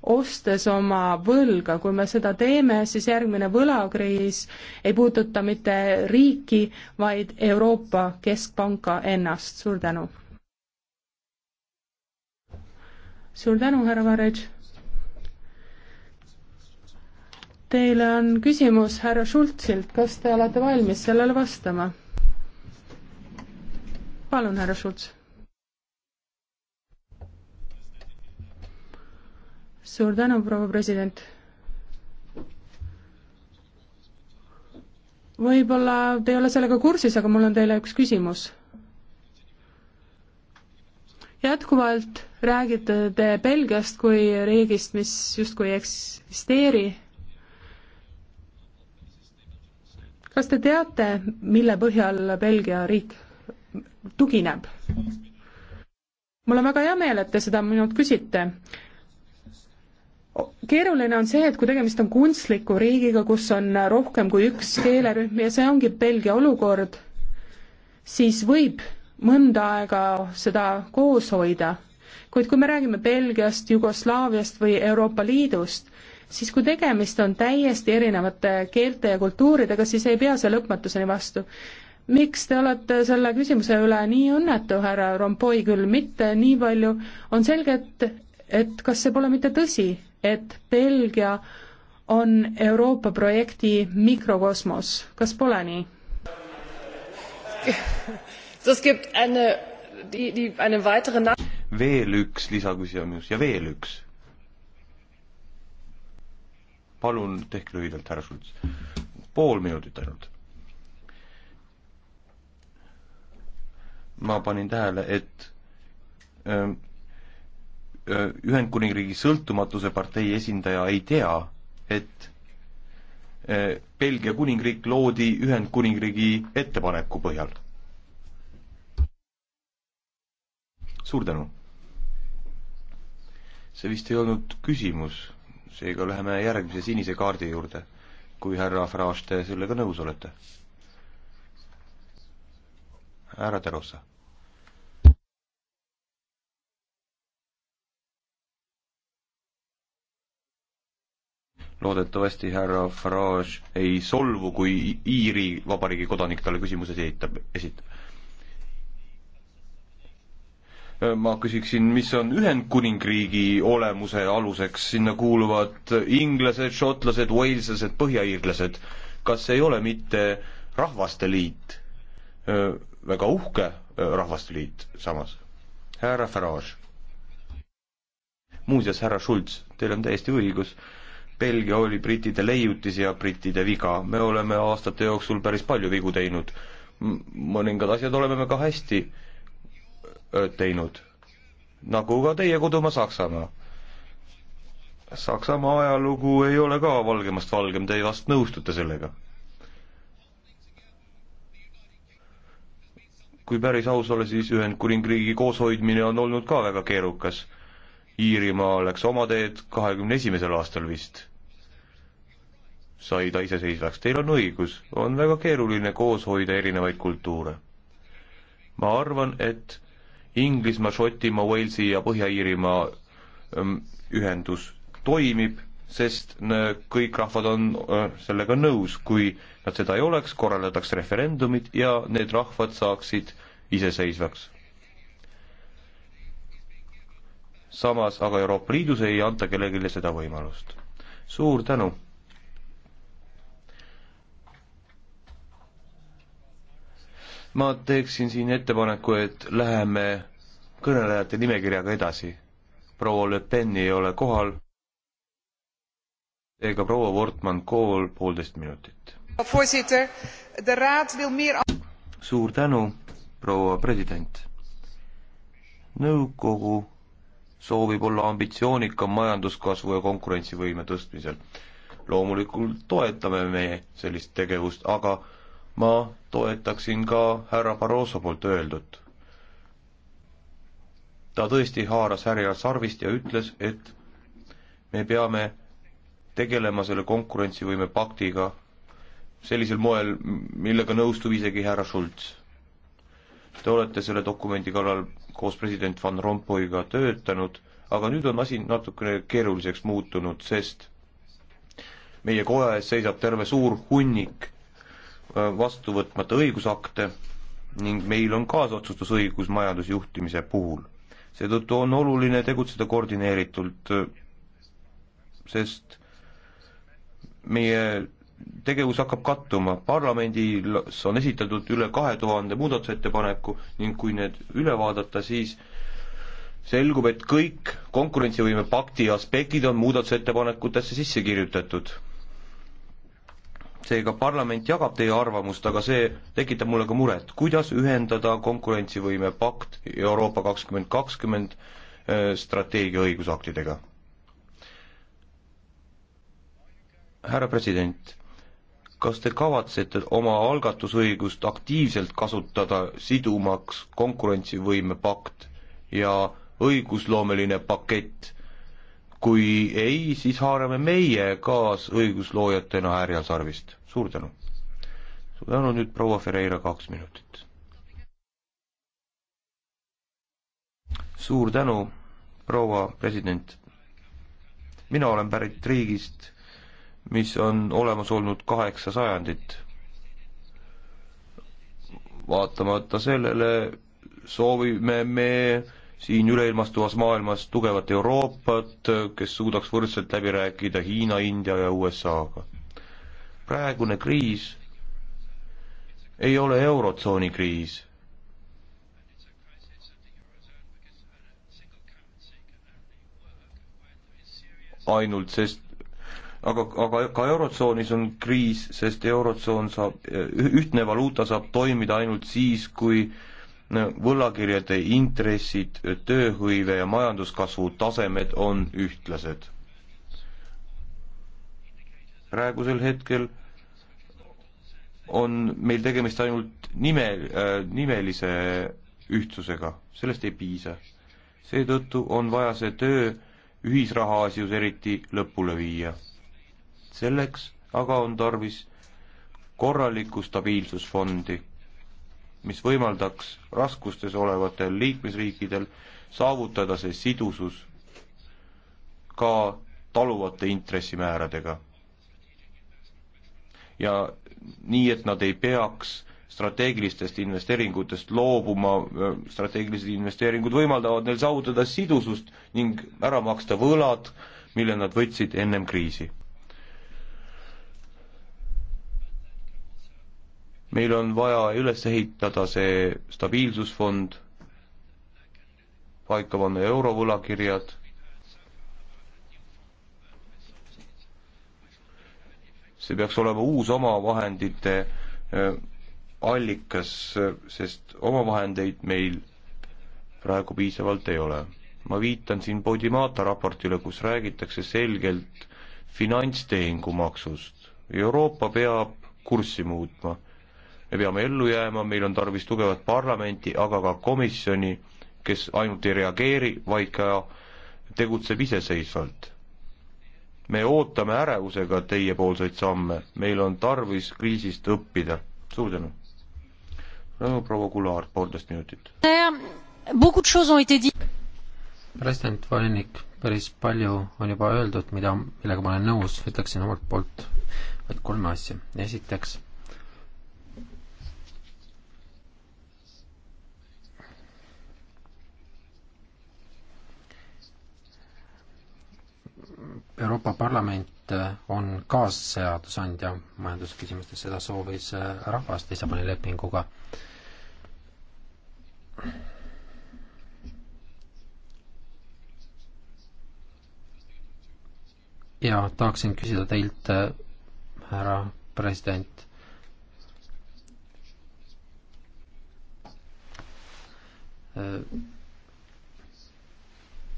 ostes oma võlga, kui me seda teeme, siis järgmine võlakriis ei puuduta mitte riiki, vaid Euroopa Keskpanka ennast, suur tänu. suur tänu, härra Varrej. Teile on küsimus härra Schultzilt, kas te olete valmis sellele vastama? palun, härra Schultz suur tänu, proua president. võib-olla te ei ole sellega kursis, aga mul on teile üks küsimus. jätkuvalt räägite te Belgiast kui riigist, mis justkui ei eksisteeri. kas te teate, mille põhjal Belgia riik tugineb? mul on väga hea meel, et te seda minult küsite keeruline on see, et kui tegemist on kunstliku riigiga, kus on rohkem kui üks keelerühm ja see ongi Belgia olukord, siis võib mõnda aega seda koos hoida. kuid kui me räägime Belgiast, Jugoslaaviast või Euroopa Liidust, siis kui tegemist on täiesti erinevate keelte ja kultuuridega, siis ei pea see lõpmatuseni vastu. miks te olete selle küsimuse üle nii õnnetu, härra Rompoi, küll mitte nii palju, on selge, et et kas see pole mitte tõsi, et Belgia on Euroopa projekti mikrokosmos, kas pole nii? veel üks lisaküsimus ja veel üks. palun tehke lühidalt, härra Schultz. pool minutit ainult. ma panin tähele, et ähm, Ühendkuningriigi sõltumatuse partei esindaja ei tea, et eh, Belgia kuningriik loodi Ühendkuningriigi ettepaneku põhjal. suur tänu! see vist ei olnud küsimus, seega läheme järgmise sinise kaardi juurde, kui härra Farage, te sellega nõus olete? härra Terosa loodetavasti härra Farage ei solvu, kui Iiri vabariigi kodanik talle küsimuse esitab, esitab. ma küsiksin, mis on Ühendkuningriigi olemuse aluseks, sinna kuuluvad inglased, šotlased, waleslased, põhjaiirlased. kas ei ole mitte Rahvaste Liit? väga uhke Rahvaste Liit samas. härra Farage. muuseas, härra Schulz, teil on täiesti õigus Belgia oli brittide leiutis ja brittide viga, me oleme aastate jooksul päris palju vigu teinud. mõningad asjad oleme me ka hästi teinud, nagu ka teie kodumaa Saksamaa. Saksamaa ajalugu ei ole ka valgemast valgem, te vast nõustute sellega? kui päris aus olla, siis Ühendkuningriigi kooshoidmine on olnud ka väga keerukas Iirimaa läks oma teed kahekümne esimesel aastal vist. sai ta iseseisvaks, teil on õigus, on väga keeruline koos hoida erinevaid kultuure. ma arvan, et Inglismaa, Šotimaa, Walesi ja Põhja-Iirimaa ähm, ühendus toimib, sest äh, kõik rahvad on äh, sellega nõus, kui nad seda ei oleks, korraldatakse referendumid ja need rahvad saaksid iseseisvaks samas aga Euroopa Liidus ei anta kellelegi seda võimalust. suur tänu! ma teeksin siin ettepaneku, et läheme kõnelejate nimekirjaga edasi. proua Le Pen ei ole kohal, seega proua Wortmann-Kool poolteist minutit. suur tänu, proua president. nõukogu soovib olla ambitsioonikam majanduskasvu ja konkurentsivõime tõstmisel. loomulikult toetame me sellist tegevust, aga ma toetaksin ka härra Barroso poolt öeldut. ta tõesti haaras härjal sarvist ja ütles, et me peame tegelema selle konkurentsivõime paktiga sellisel moel, millega nõustub isegi härra Schulz. Te olete selle dokumendi kallal koos president Van Rompuyga töötanud, aga nüüd on asi natukene keeruliseks muutunud, sest meie koja ees seisab terve suur hunnik äh, vastu võtmata õigusakte ning meil on kaasotsustusõigus majandusjuhtimise puhul. seetõttu on oluline tegutseda koordineeritult, äh, sest meie tegevus hakkab kattuma, parlamendis on esitatud üle kahe tuhande muudatusettepaneku ning kui need üle vaadata, siis selgub, et kõik konkurentsivõime pakti aspektid on muudatusettepanekutesse sisse kirjutatud. seega parlament jagab teie arvamust, aga see tekitab mulle ka muret, kuidas ühendada konkurentsivõime pakt Euroopa kakskümmend kakskümmend äh, strateegia õigusaktidega. härra president kas te kavatsete oma algatusõigust aktiivselt kasutada, sidumaks konkurentsivõimepakt ja õigusloomeline pakett? kui ei, siis haarame meie kaasõigusloojatena härjal sarvist. suur tänu! suur tänu, nüüd proua Ferreira kaks minutit. suur tänu, proua president! mina olen pärit riigist, mis on olemas olnud kaheksa sajandit. vaatamata sellele soovime me siin üleilmastuvas maailmas tugevat Euroopat, kes suudaks võrdselt läbi rääkida Hiina, India ja USA-ga. praegune kriis ei ole Eurotsooni kriis. ainult sest aga, aga ka Eurotsoonis on kriis, sest Eurotsoon saab, ühtne valuuta saab toimida ainult siis, kui võlakirjade intressid, tööhõive ja majanduskasvu tasemed on ühtlased. praegusel hetkel on meil tegemist ainult nime, äh, nimelise ühtsusega, sellest ei piisa. seetõttu on vaja see töö ühisrahaasjus eriti lõpule viia selleks aga on tarvis korralikku stabiilsusfondi, mis võimaldaks raskustes olevatel liikmesriikidel saavutada see sidusus ka taluvate intressimääradega. ja nii, et nad ei peaks strateegilistest investeeringutest loobuma, strateegilised investeeringud võimaldavad neil saavutada sidusust ning ära maksta võlad, mille nad võtsid ennem kriisi meil on vaja üles ehitada see stabiilsusfond, paika panna eurovõlakirjad, see peaks olema uus omavahendite äh, allikas, äh, sest omavahendeid meil praegu piisavalt ei ole. ma viitan siin Podimata raportile, kus räägitakse selgelt finantstehingumaksust. Euroopa peab kurssi muutma me peame ellu jääma, meil on tarvis tugevat parlamenti, aga ka komisjoni, kes ainult ei reageeri, vaid ka tegutseb iseseisvalt. me ootame ärevusega teiepoolseid samme, meil on tarvis kriisist õppida. suur tänu. no proua Kulaart, poolteist minutit. president volinik, päris palju on juba öeldud, mida, millega ma olen nõus, ütleksin omalt poolt vaid kolme asja. esiteks Euroopa Parlament äh, on kaasseadusandja majandusküsimustes, seda soovis äh, rahvas Lissaboni lepinguga. ja tahaksin küsida teilt, äh, härra president, Uh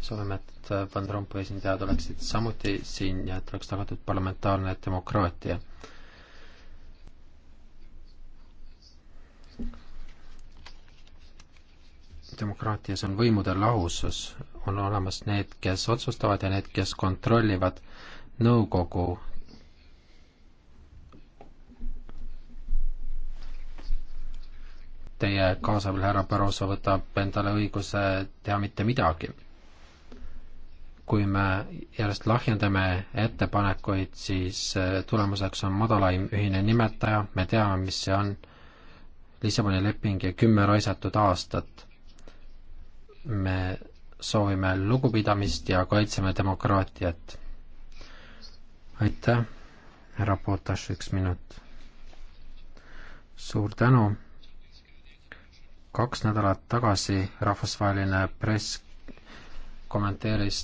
soovime, et Van Rompuy esindajad oleksid samuti siin ja et oleks tagatud parlamentaarne demokraatia. demokraatias on võimude lahusus, on olemas need, kes otsustavad ja need, kes kontrollivad nõukogu teie kaasabil härra Barroso võtab endale õiguse teha mitte midagi kui me järjest lahjendame ettepanekuid, siis äh, tulemuseks on madalaim ühine nimetaja, me teame, mis see on, Lissaboni leping ja kümme raisatud aastat. me soovime lugupidamist ja kaitseme demokraatiat. aitäh, härra Potash, üks minut. suur tänu. kaks nädalat tagasi rahvusvaheline press kommenteeris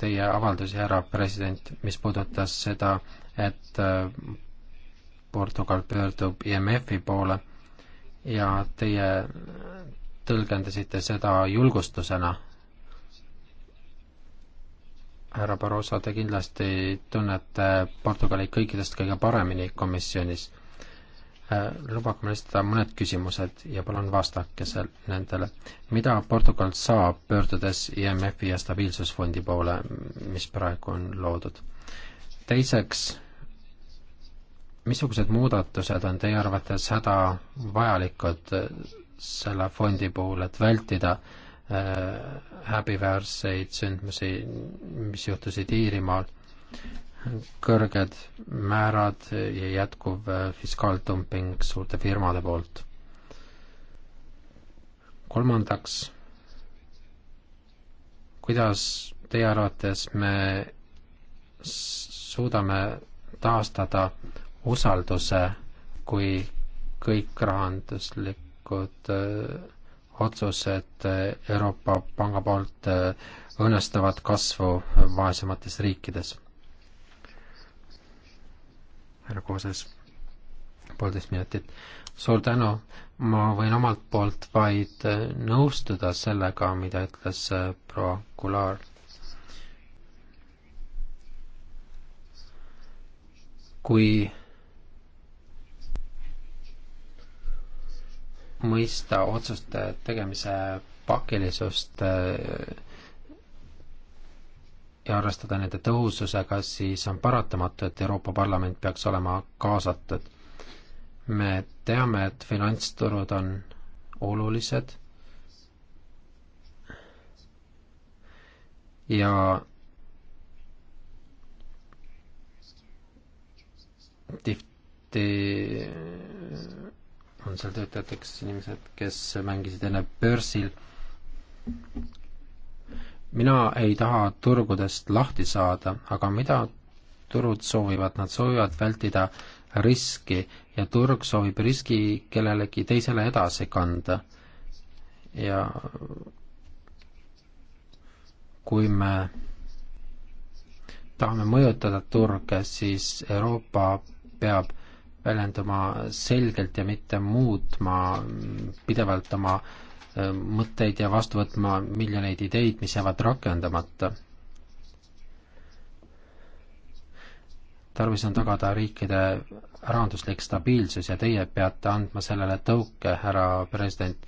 teie avaldusi, härra president, mis puudutas seda, et äh, Portugal pöördub IMF-i poole ja teie tõlgendasite seda julgustusena. härra Barroso, te kindlasti tunnete Portugali kõikidest kõige paremini komisjonis Äh, lubage mul esitada mõned küsimused ja palun vastake seal nendele. mida Portugal saab, pöördudes IMF-i ja Stabiilsusfondi poole, mis praegu on loodud? teiseks, missugused muudatused on teie arvates hädavajalikud äh, selle fondi puhul, et vältida äh, häbiväärseid sündmusi, mis juhtusid Iirimaal? kõrged määrad ja jätkuv fiskaaldumping suurte firmade poolt. kolmandaks, kuidas teie arvates me suudame taastada usalduse, kui kõik rahanduslikud äh, otsused äh, Euroopa Panga poolt äh, õõnestavad kasvu vaesemates riikides härra Kooses, poolteist minutit. suur tänu, ma võin omalt poolt vaid äh, nõustuda sellega, mida ütles äh, proua Kular. kui mõista otsuste tegemise pakilisust äh, ja arvestada nende tõhususega, siis on paratamatu, et Euroopa Parlament peaks olema kaasatud. me teame, et finantsturud on olulised ja tihti on seal töötajateks inimesed, kes mängisid enne börsil mina ei taha turgudest lahti saada, aga mida turud soovivad, nad soovivad vältida riski ja turg soovib riski kellelegi teisele edasi kanda. ja kui me tahame mõjutada turge, siis Euroopa peab väljenduma selgelt ja mitte muutma pidevalt oma äh, mõtteid ja vastu võtma miljoneid ideid, mis jäävad rakendamata. tarvis on tagada riikide rahanduslik stabiilsus ja teie peate andma sellele tõuke, härra president,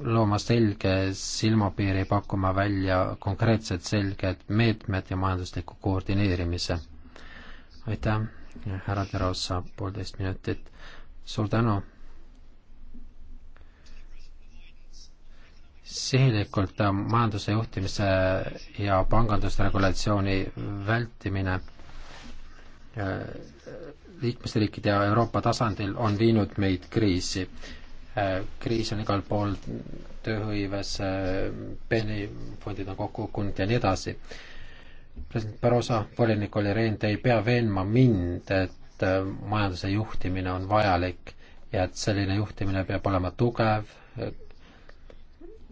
looma selge silmapiiri, pakkuma välja konkreetsed selged meetmed ja majandusliku koordineerimise. aitäh, härra Terosa, poolteist minutit. suur tänu sihilikult majanduse juhtimise ja pangandusregulatsiooni vältimine äh, liikmesriikide ja Euroopa tasandil on viinud meid kriisi. Äh, kriis on igal pool tööhõives, äh, penifondid on kokku kukkunud ja nii edasi. president Barroso, volinik oli Rehn, te ei pea veenma mind, et majanduse juhtimine on vajalik ja et selline juhtimine peab olema tugev,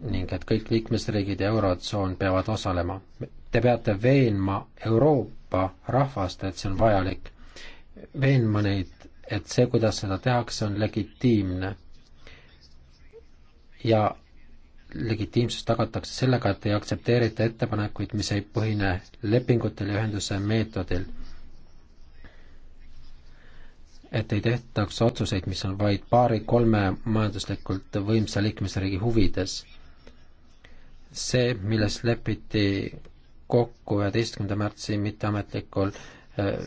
ning et kõik liikmesriigid ja Eurotsoon peavad osalema. Te peate veenma Euroopa rahvast, et see on vajalik. veenma neid, et see, kuidas seda tehakse, on legitiimne. ja legitiimsus tagatakse sellega, et ei aktsepteerita ettepanekuid, mis ei põhine lepingutel ja ühenduse meetodil. et ei tehtaks otsuseid, mis on vaid paari-kolme majanduslikult võimsa liikmesriigi huvides see, milles lepiti kokku üheteistkümnenda märtsi mitteametlikul äh,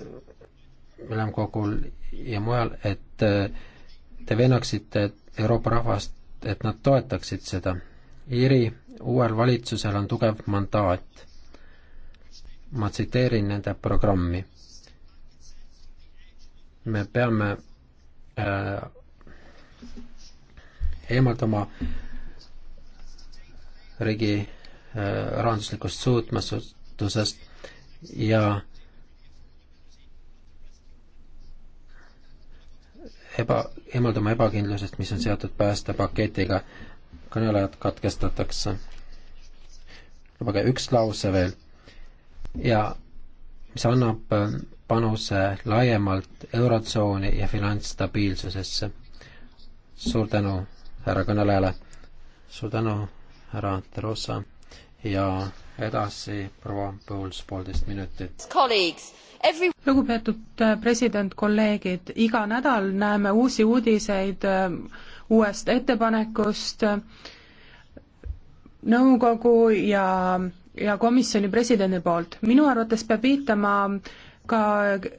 ülemkogul ja mujal, et äh, te veenaksite Euroopa rahvast, et nad toetaksid seda. Iiri uuel valitsusel on tugev mandaat. ma tsiteerin nende programmi. me peame äh, eemaldama äh, riigi äh, rahanduslikust suutmatusest ja eba, eemaldama ebakindlusest, mis on seotud päästepaketiga. kõnelejad katkestatakse. lubage üks lause veel ja mis annab äh, panuse laiemalt Eurotsooni ja finantsstabiilsusesse. suur tänu härra kõnelejale, suur tänu härra Terosa ja edasi proua Põuls poolteist minutit. lugupeetud äh, president, kolleegid, iga nädal näeme uusi uudiseid äh, uuest ettepanekust nõukogu ja, ja komisjoni presidendi poolt. minu arvates peab viitama ka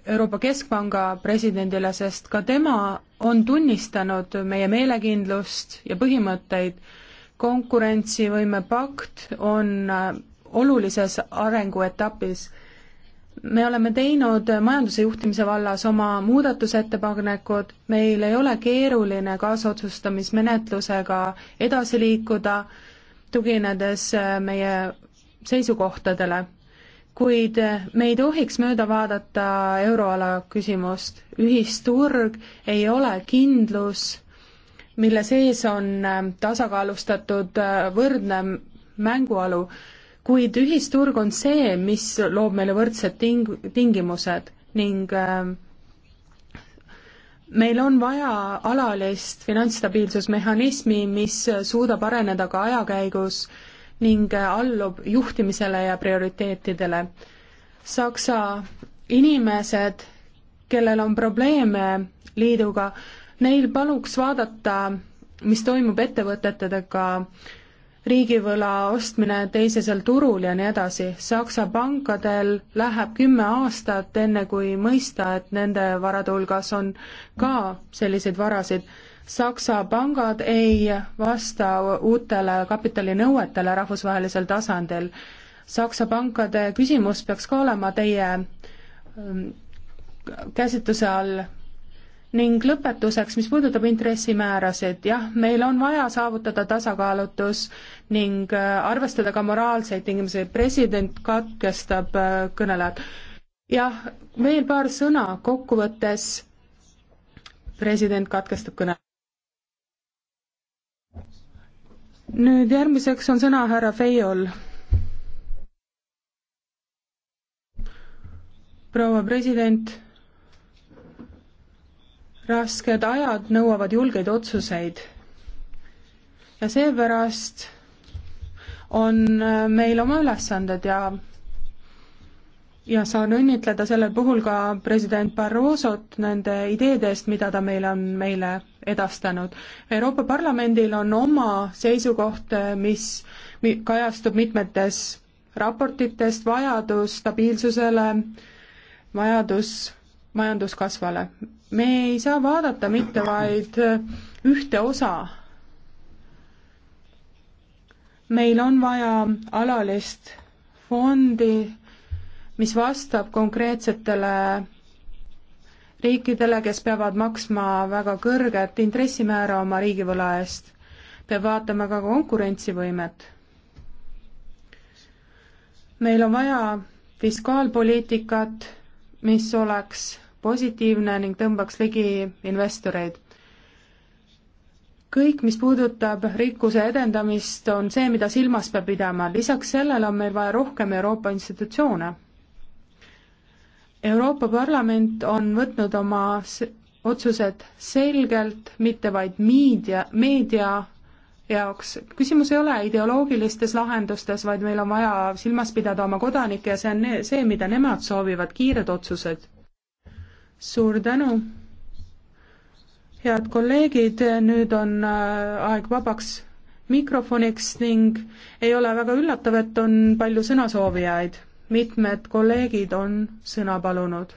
Euroopa Keskpanga presidendile, sest ka tema on tunnistanud meie meelekindlust ja põhimõtteid konkurentsivõime pakt on äh, olulises arenguetapis. me oleme teinud majanduse juhtimise vallas oma muudatusettepanekud, meil ei ole keeruline kaasotsustamismenetlusega edasi liikuda, tuginedes äh, meie seisukohtadele. kuid äh, me ei tohiks mööda vaadata euroala küsimust, ühisturg ei ole kindlus mille sees on ähm, tasakaalustatud äh, võrdne mängualu, kuid ühisturg on see, mis loob meile võrdsed ting-, tingimused ning ähm, meil on vaja alalist finantsstabiilsusmehhanismi, mis suudab areneda ka aja käigus ning äh, allub juhtimisele ja prioriteetidele. Saksa inimesed, kellel on probleeme liiduga, Neil paluks vaadata, mis toimub ettevõtetega, riigivõla ostmine teisesel turul ja nii edasi. Saksa pankadel läheb kümme aastat, enne kui mõista, et nende varade hulgas on ka selliseid varasid. Saksa pangad ei vasta uutele kapitalinõuetele rahvusvahelisel tasandil. Saksa pankade küsimus peaks ka olema teie ähm, käsitluse all ning lõpetuseks, mis puudutab intressimäärasid, jah, meil on vaja saavutada tasakaalutus ning äh, arvestada ka moraalseid tingimusi, president katkestab äh, kõnelejad. jah, veel paar sõna kokkuvõttes, president katkestab kõne. nüüd järgmiseks on sõna härra Feiol. proua president rasked ajad nõuavad julgeid otsuseid. ja seepärast on äh, meil oma ülesanded ja ja saan õnnitleda sellel puhul ka president Barrosot nende ideede eest, mida ta meile on, meile edastanud. Euroopa Parlamendil on oma seisukoht, äh, mis kajastub mitmetes raportitest, vajadus stabiilsusele, vajadus majanduskasvale me ei saa vaadata mitte vaid äh, ühte osa. meil on vaja alalist fondi, mis vastab konkreetsetele riikidele, kes peavad maksma väga kõrget intressimäära oma riigivõla eest. peab vaatama ka konkurentsivõimet. meil on vaja fiskaalpoliitikat, mis oleks positiivne ning tõmbaks ligi investoreid. kõik, mis puudutab rikkuse edendamist, on see, mida silmas peab pidama, lisaks sellele on meil vaja rohkem Euroopa institutsioone. Euroopa Parlament on võtnud oma otsused selgelt, mitte vaid meedia, meedia jaoks. küsimus ei ole ideoloogilistes lahendustes, vaid meil on vaja silmas pidada oma kodanikke ja see on see, mida nemad soovivad, kiired otsused suur tänu. head kolleegid, nüüd on äh, aeg vabaks mikrofoniks ning ei ole väga üllatav, et on palju sõnasoovijaid. mitmed kolleegid on sõna palunud.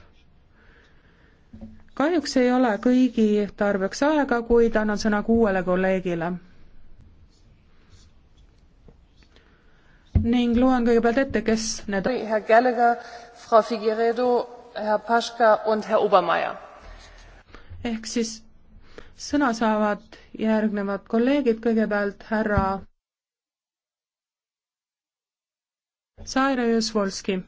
kahjuks ei ole kõigi tarbeks aega, kuid annan sõna kuuele kolleegile. ning loen kõigepealt ette, kes need Herr Gallagher, Frau Figueredo, ehk siis sõna saavad järgnevad kolleegid, kõigepealt härra Saire Jõsvolski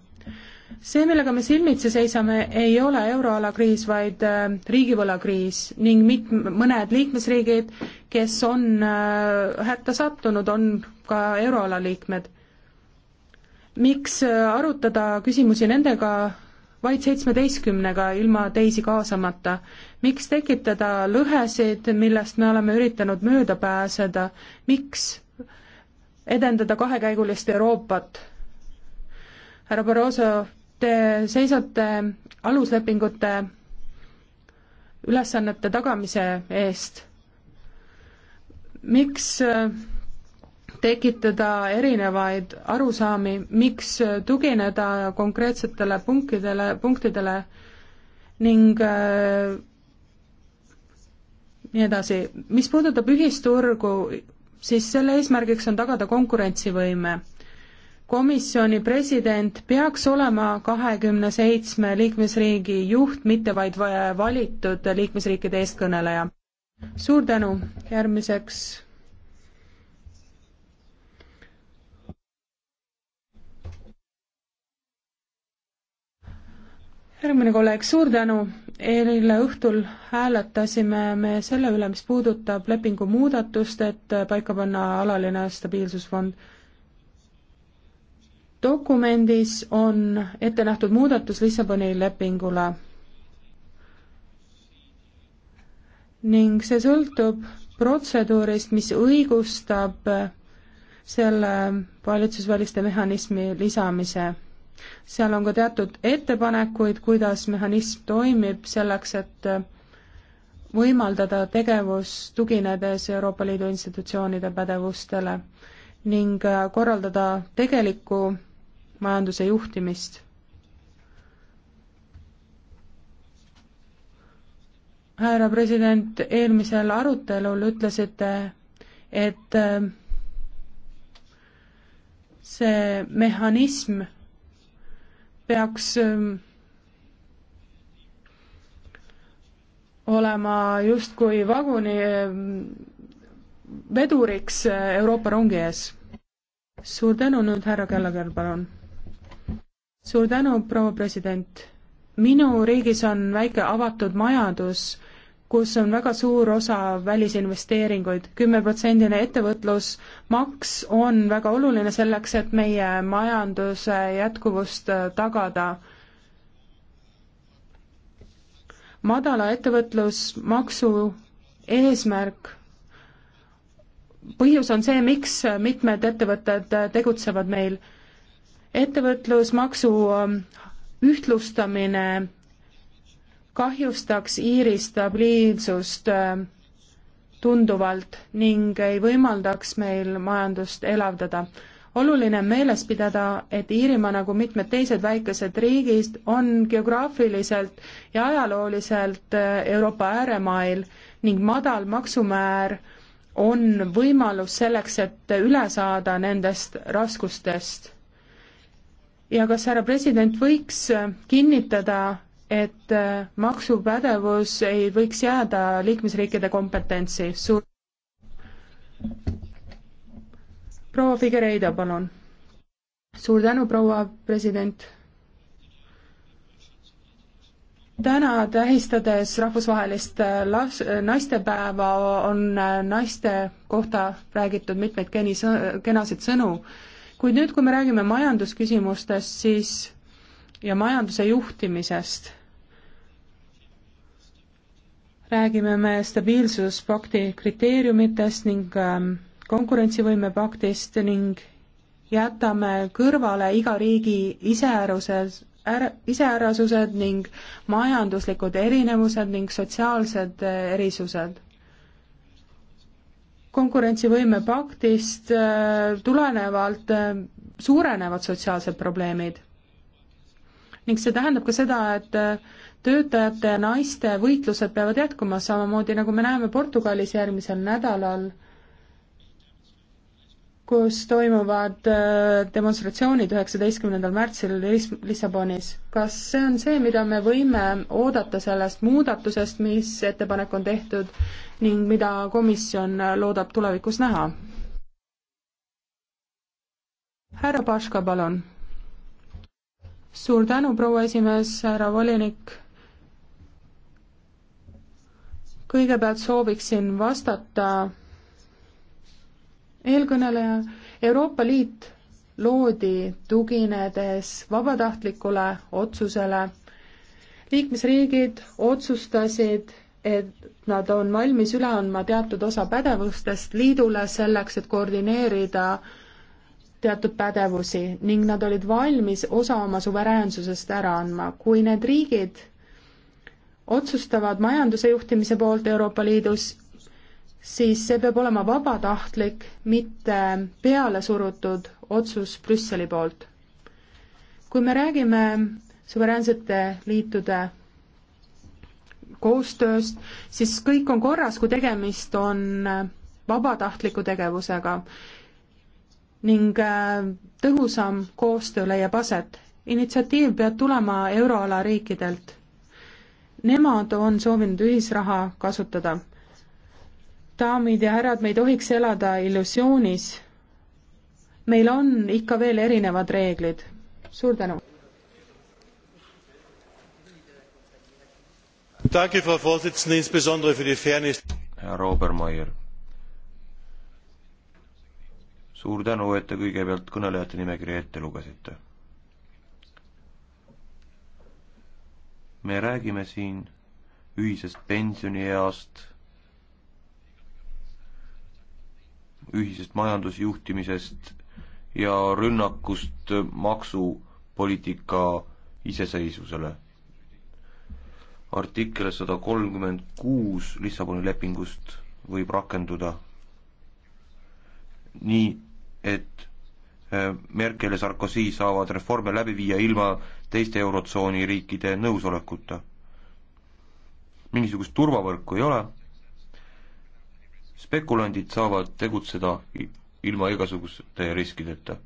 see, millega me silmitsi seisame, ei ole euroala kriis, vaid äh, riigivõlakriis ning mit-, mõned liikmesriigid, kes on äh, hätta sattunud, on ka euroala liikmed. miks äh, arutada küsimusi nendega, vaid seitsmeteistkümnega, ilma teisi kaasamata. miks tekitada lõhesid, millest me oleme üritanud mööda pääseda, miks edendada kahekäigulist Euroopat? härra Barroso, te seisate aluslepingute ülesannete tagamise eest. miks äh, tekitada erinevaid arusaami, miks tugineda konkreetsetele punktidele, punktidele ning äh, nii edasi. mis puudutab ühisturgu, siis selle eesmärgiks on tagada konkurentsivõime. komisjoni president peaks olema kahekümne seitsme liikmesriigi juht, mitte vaid valitud liikmesriikide eestkõneleja. suur tänu, järgmiseks järgmine kolleeg, suur tänu. eile õhtul hääletasime me selle üle, mis puudutab lepingu muudatust, et paika panna alaline stabiilsusfond. dokumendis on ette nähtud muudatus Lissaboni lepingule ning see sõltub protseduurist, mis õigustab selle valitsusväliste mehhanismi lisamise seal on ka teatud ettepanekuid, kuidas mehhanism toimib selleks, et võimaldada tegevus, tuginedes Euroopa Liidu institutsioonide pädevustele ning korraldada tegelikku majanduse juhtimist. härra president, eelmisel arutelul ütlesite, et see mehhanism peaks ähm, olema justkui vaguni ähm, veduriks äh, Euroopa rongi ees. suur tänu nüüd, härra Kellager, palun. suur tänu, proua president. minu riigis on väike avatud majandus kus on väga suur osa välisinvesteeringuid. kümneprotsendine ettevõtlusmaks on väga oluline selleks, et meie majanduse jätkuvust äh, tagada. madala ettevõtlusmaksu eesmärk, põhjus on see, miks mitmed ettevõtted äh, tegutsevad meil. ettevõtlusmaksu äh, ühtlustamine kahjustaks Iiri stabiilsust äh, tunduvalt ning ei võimaldaks meil majandust elavdada. oluline on meeles pidada, et Iirimaa, nagu mitmed teised väikesed riigid, on geograafiliselt ja ajalooliselt äh, Euroopa ääremail ning madal maksumäär on võimalus selleks, et üle saada nendest raskustest. ja kas härra president võiks äh, kinnitada, et äh, maksupädevus ei võiks jääda liikmesriikide kompetentsi. suur proua Figueiredo, palun. suur tänu, proua president. täna tähistades rahvusvahelist äh, las-, naistepäeva on äh, naiste kohta räägitud mitmeid geni-, kenasid sõnu, kuid nüüd, kui me räägime majandusküsimustest, siis ja majanduse juhtimisest räägime me stabiilsuspakti kriteeriumitest ning ähm, konkurentsivõimepaktist ning jätame kõrvale iga riigi iseäruses, iseärasused ning majanduslikud erinevused ning sotsiaalsed äh, erisused. konkurentsivõimepaktist äh, tulenevalt äh, suurenevad sotsiaalsed probleemid. ning see tähendab ka seda, et töötajate ja naiste võitlused peavad jätkuma, samamoodi nagu me näeme Portugalis järgmisel nädalal, kus toimuvad äh, demonstratsioonid üheksateistkümnendal märtsil Lissabonis. kas see on see, mida me võime oodata sellest muudatusest, mis ettepanek on tehtud ning mida komisjon loodab tulevikus näha? härra Paška, palun. suur tänu, proua esimees, härra volinik kõigepealt sooviksin vastata eelkõneleja, Euroopa Liit loodi tuginedes vabatahtlikule otsusele. liikmesriigid otsustasid, et nad on valmis üle andma teatud osa pädevustest liidule selleks, et koordineerida teatud pädevusi ning nad olid valmis osa oma suveräänsusest ära andma. kui need riigid otsustavad majanduse juhtimise poolt Euroopa Liidus, siis see peab olema vabatahtlik, mitte peale surutud otsus Brüsseli poolt. kui me räägime suveräänsete liitude koostööst, siis kõik on korras, kui tegemist on vabatahtliku tegevusega ning äh, tõhusam koostöö leiab aset. initsiatiiv peab tulema euroala riikidelt nemad on soovinud ühisraha kasutada. daamid ja härrad, me ei tohiks elada illusioonis. meil on ikka veel erinevad reeglid. suur tänu! frau präsidentin! insbesondere für die fairness. härra obermeier suur tänu et te kõigepealt kõnelejate nimekirja ette lugesite. me räägime siin ühisest pensionieast, ühisest majandusjuhtimisest ja rünnakust maksupoliitika iseseisvusele. artikkel sada kolmkümmend kuus Lissaboni lepingust võib rakenduda nii, et Merkel ja Sarkozy saavad reforme läbi viia ilma teiste Eurotsooni riikide nõusolekuta. mingisugust turvavõrku ei ole, spekulandid saavad tegutseda ilma igasuguste riskideta.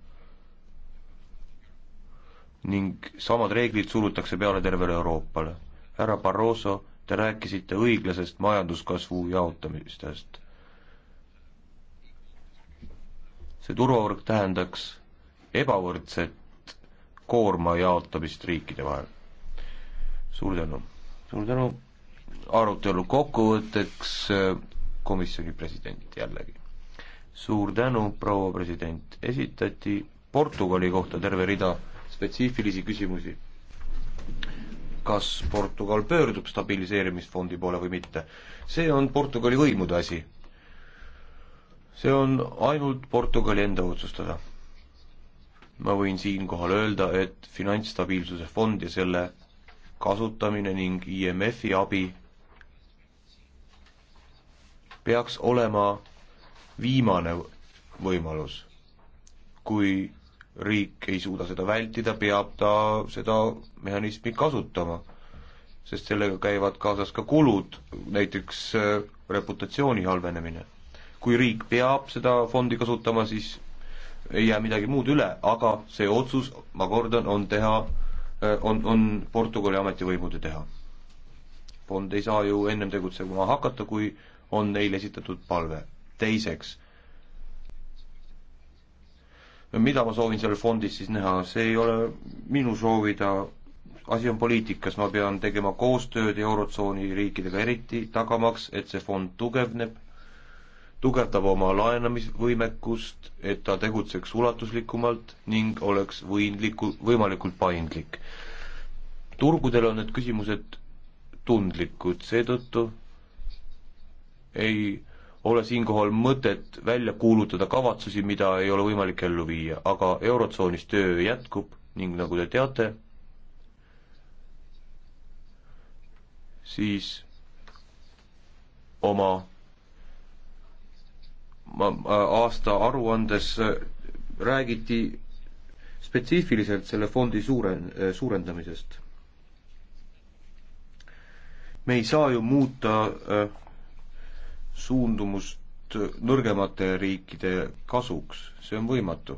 ning samad reeglid surutakse peale tervele Euroopale. härra Barroso, te rääkisite õiglasest majanduskasvu jaotamistest see turvavõrk tähendaks ebavõrdset koorma jaotamist riikide vahel. suur tänu. suur tänu. arutelu kokkuvõtteks äh, komisjoni president jällegi. suur tänu, proua president, esitati Portugali kohta terve rida spetsiifilisi küsimusi. kas Portugal pöördub stabiliseerimisfondi poole või mitte? see on Portugali võimude asi see on ainult Portugali enda otsustada. ma võin siinkohal öelda, et Finantsstabiilsuse fond ja selle kasutamine ning IMF-i abi peaks olema viimane võimalus. kui riik ei suuda seda vältida, peab ta seda mehhanismi kasutama, sest sellega käivad kaasas ka kulud, näiteks äh, reputatsiooni halvenemine kui riik peab seda fondi kasutama, siis ei jää midagi muud üle, aga see otsus, ma kordan, on teha, äh, on, on Portugali ametivõimude teha. fond ei saa ju ennem tegutsema hakata, kui on neile esitatud palve. teiseks, mida ma soovin seal fondis siis näha, see ei ole minu soovida, asi on poliitikas, ma pean tegema koostööd Eurotsooni riikidega, eriti tagamaks, et see fond tugevneb tugevdab oma laenamisvõimekust, et ta tegutseks ulatuslikumalt ning oleks võimliku, võimalikult paindlik. turgudel on need küsimused tundlikud, seetõttu ei ole siinkohal mõtet välja kuulutada kavatsusi, mida ei ole võimalik ellu viia, aga Eurotsoonis töö jätkub ning nagu te teate, siis oma aasta aruandes äh, räägiti spetsiifiliselt selle fondi suure, äh, suurendamisest. me ei saa ju muuta äh, suundumust nõrgemate riikide kasuks, see on võimatu.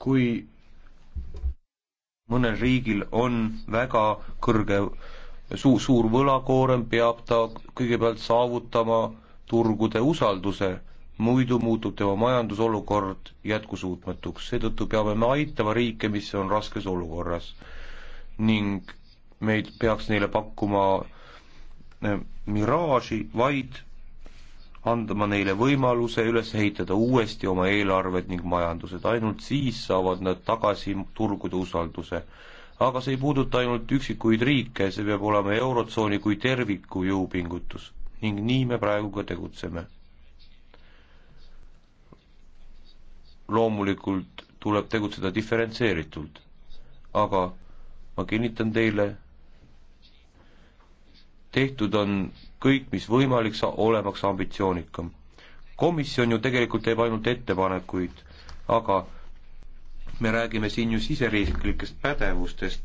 kui mõnel riigil on väga kõrge suur, suur võlakoorem, peab ta kõigepealt saavutama turgude usalduse, muidu muutub tema majandusolukord jätkusuutmatuks, seetõttu peame me aitama riike, mis on raskes olukorras. ning meid peaks neile pakkuma eh, miraaži, vaid andma neile võimaluse üles ehitada uuesti oma eelarved ning majandused, ainult siis saavad nad tagasi turgude usalduse aga see ei puuduta ainult üksikuid riike, see peab olema Eurotsooni kui terviku jõupingutus ning nii me praegu ka tegutseme. loomulikult tuleb tegutseda diferentseeritult, aga ma kinnitan teile, tehtud on kõik, mis võimalik, olemaks ambitsioonikam. komisjon ju tegelikult teeb ainult ettepanekuid, aga me räägime siin ju siseriiklikest pädevustest,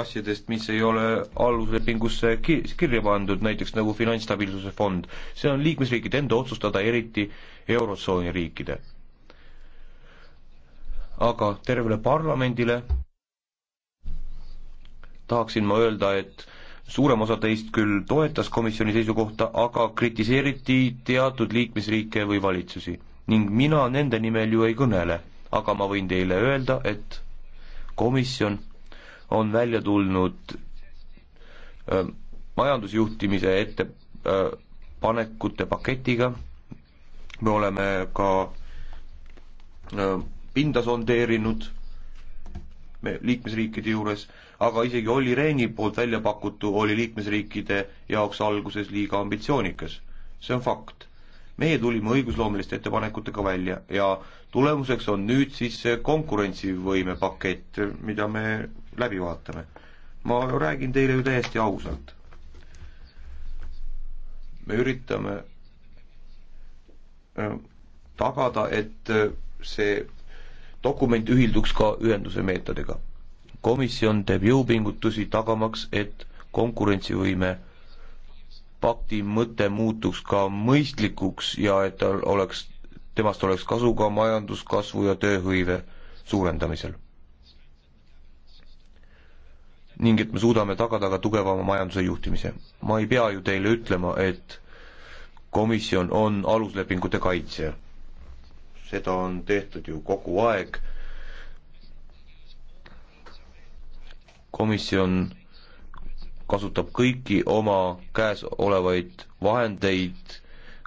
asjadest, mis ei ole aluslepingusse kirja pandud, näiteks nagu Finantsstabiilsuse fond. see on liikmesriikide enda otsustada, eriti Eurotsooni riikide. aga tervele parlamendile tahaksin ma öelda, et suurem osa teist küll toetas komisjoni seisukohta, aga kritiseeriti teatud liikmesriike või valitsusi ning mina nende nimel ju ei kõnele aga ma võin teile öelda, et komisjon on välja tulnud äh, majandusjuhtimise ettepanekute äh, paketiga, me oleme ka äh, pinda sondeerinud me liikmesriikide juures, aga isegi Olli Rehni poolt välja pakutu oli liikmesriikide jaoks alguses liiga ambitsioonikas. see on fakt meie tulime õigusloomiliste ettepanekutega välja ja tulemuseks on nüüd siis see konkurentsivõime pakett, mida me läbi vaatame. ma räägin teile ju täiesti ausalt. me üritame äh, tagada, et äh, see dokument ühilduks ka ühenduse meetodiga. komisjon teeb jõupingutusi tagamaks, et konkurentsivõime pakti mõte muutuks ka mõistlikuks ja et tal oleks, temast oleks kasu ka majanduskasvu ja tööhõive suurendamisel. ning et me suudame tagada ka tugevama majanduse juhtimise. ma ei pea ju teile ütlema, et komisjon on aluslepingute kaitsja. seda on tehtud ju kogu aeg. komisjon kasutab kõiki oma käes olevaid vahendeid,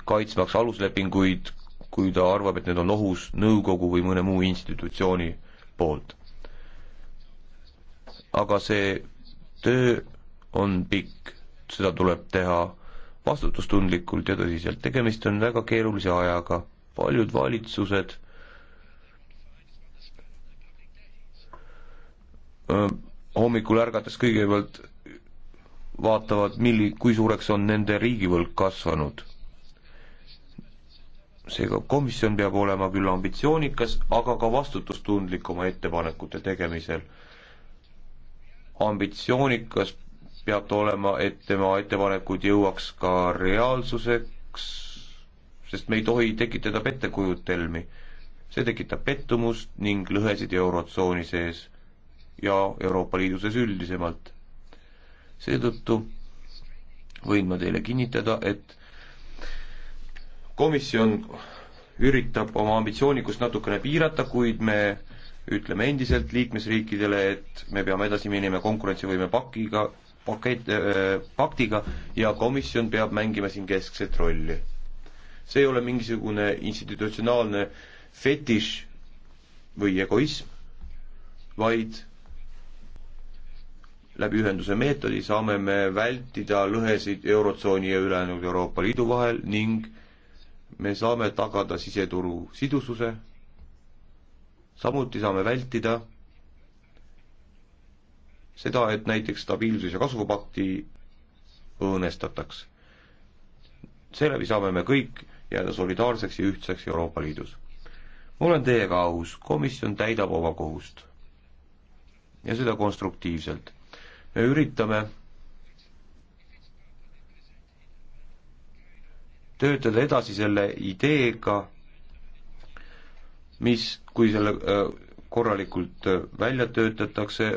kaitsmaks aluslepinguid, kui ta arvab, et need on ohus nõukogu või mõne muu institutsiooni poolt. aga see töö on pikk, seda tuleb teha vastutustundlikult ja tõsiselt, tegemist on väga keerulise ajaga, paljud valitsused öö, hommikul ärgates kõigepealt vaatavad, milli-, kui suureks on nende riigivõlg kasvanud. seega komisjon peab olema küll ambitsioonikas, aga ka vastutustundlik oma ettepanekute tegemisel. ambitsioonikas peab ta olema, et tema ettepanekud jõuaks ka reaalsuseks, sest me ei tohi tekitada pettekujutelmi. see tekitab pettumust ning lõhesid Eurotsooni sees ja Euroopa Liidu sees üldisemalt seetõttu võin ma teile kinnitada, et komisjon üritab oma ambitsioonikust natukene piirata, kuid me ütleme endiselt liikmesriikidele, et me peame edasi minema konkurentsivõime pakiga, pakett äh,, paktiga ja komisjon peab mängima siin keskset rolli. see ei ole mingisugune institutsionaalne fetiš või egoism, vaid läbi ühenduse meetodi saame me vältida lõhesid Eurotsooni ja ülejäänud Euroopa Liidu vahel ning me saame tagada siseturu sidususe, samuti saame vältida seda, et näiteks stabiilsus- ja kasvupakti õõnestataks. seeläbi saame me kõik jääda solidaarseks ja ühtseks Euroopa Liidus. ma olen teiega aus, komisjon täidab oma kohust. ja seda konstruktiivselt me üritame töötada edasi selle ideega, mis, kui selle äh, korralikult äh, välja töötatakse,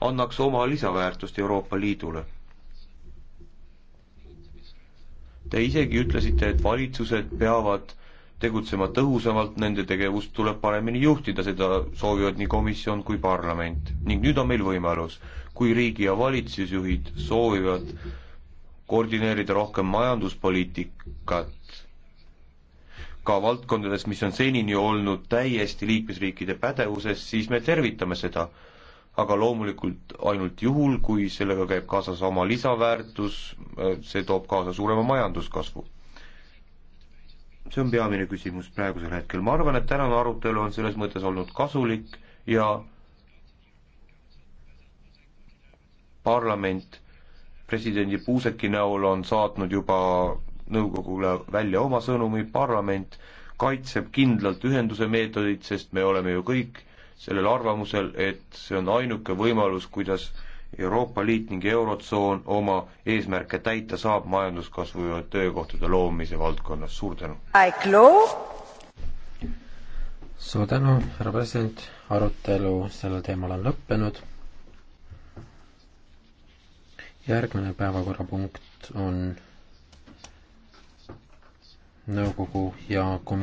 annaks oma lisaväärtust Euroopa Liidule. Te isegi ütlesite, et valitsused peavad tegutsema tõhusamalt, nende tegevust tuleb paremini juhtida, seda soovivad nii komisjon kui parlament. ning nüüd on meil võimalus, kui riigi- ja valitsusjuhid soovivad koordineerida rohkem majanduspoliitikat ka valdkondades, mis on senini olnud täiesti liikmesriikide pädevuses, siis me tervitame seda. aga loomulikult ainult juhul, kui sellega käib kaasas oma lisaväärtus, see toob kaasa suurema majanduskasvu see on peamine küsimus praegusel hetkel, ma arvan, et tänane arutelu on selles mõttes olnud kasulik ja parlament presidendi Puuseki näol on saatnud juba nõukogule välja oma sõnumi, parlament kaitseb kindlalt ühenduse meetodit, sest me oleme ju kõik sellel arvamusel, et see on ainuke võimalus, kuidas Euroopa Liit ning Eurotsoon oma eesmärke täita saab majanduskasvu ja töökohtade loomise valdkonnas, suur tänu! suur tänu, härra president, arutelu sellel teemal on lõppenud. järgmine päevakorrapunkt on nõukogu ja komisjoni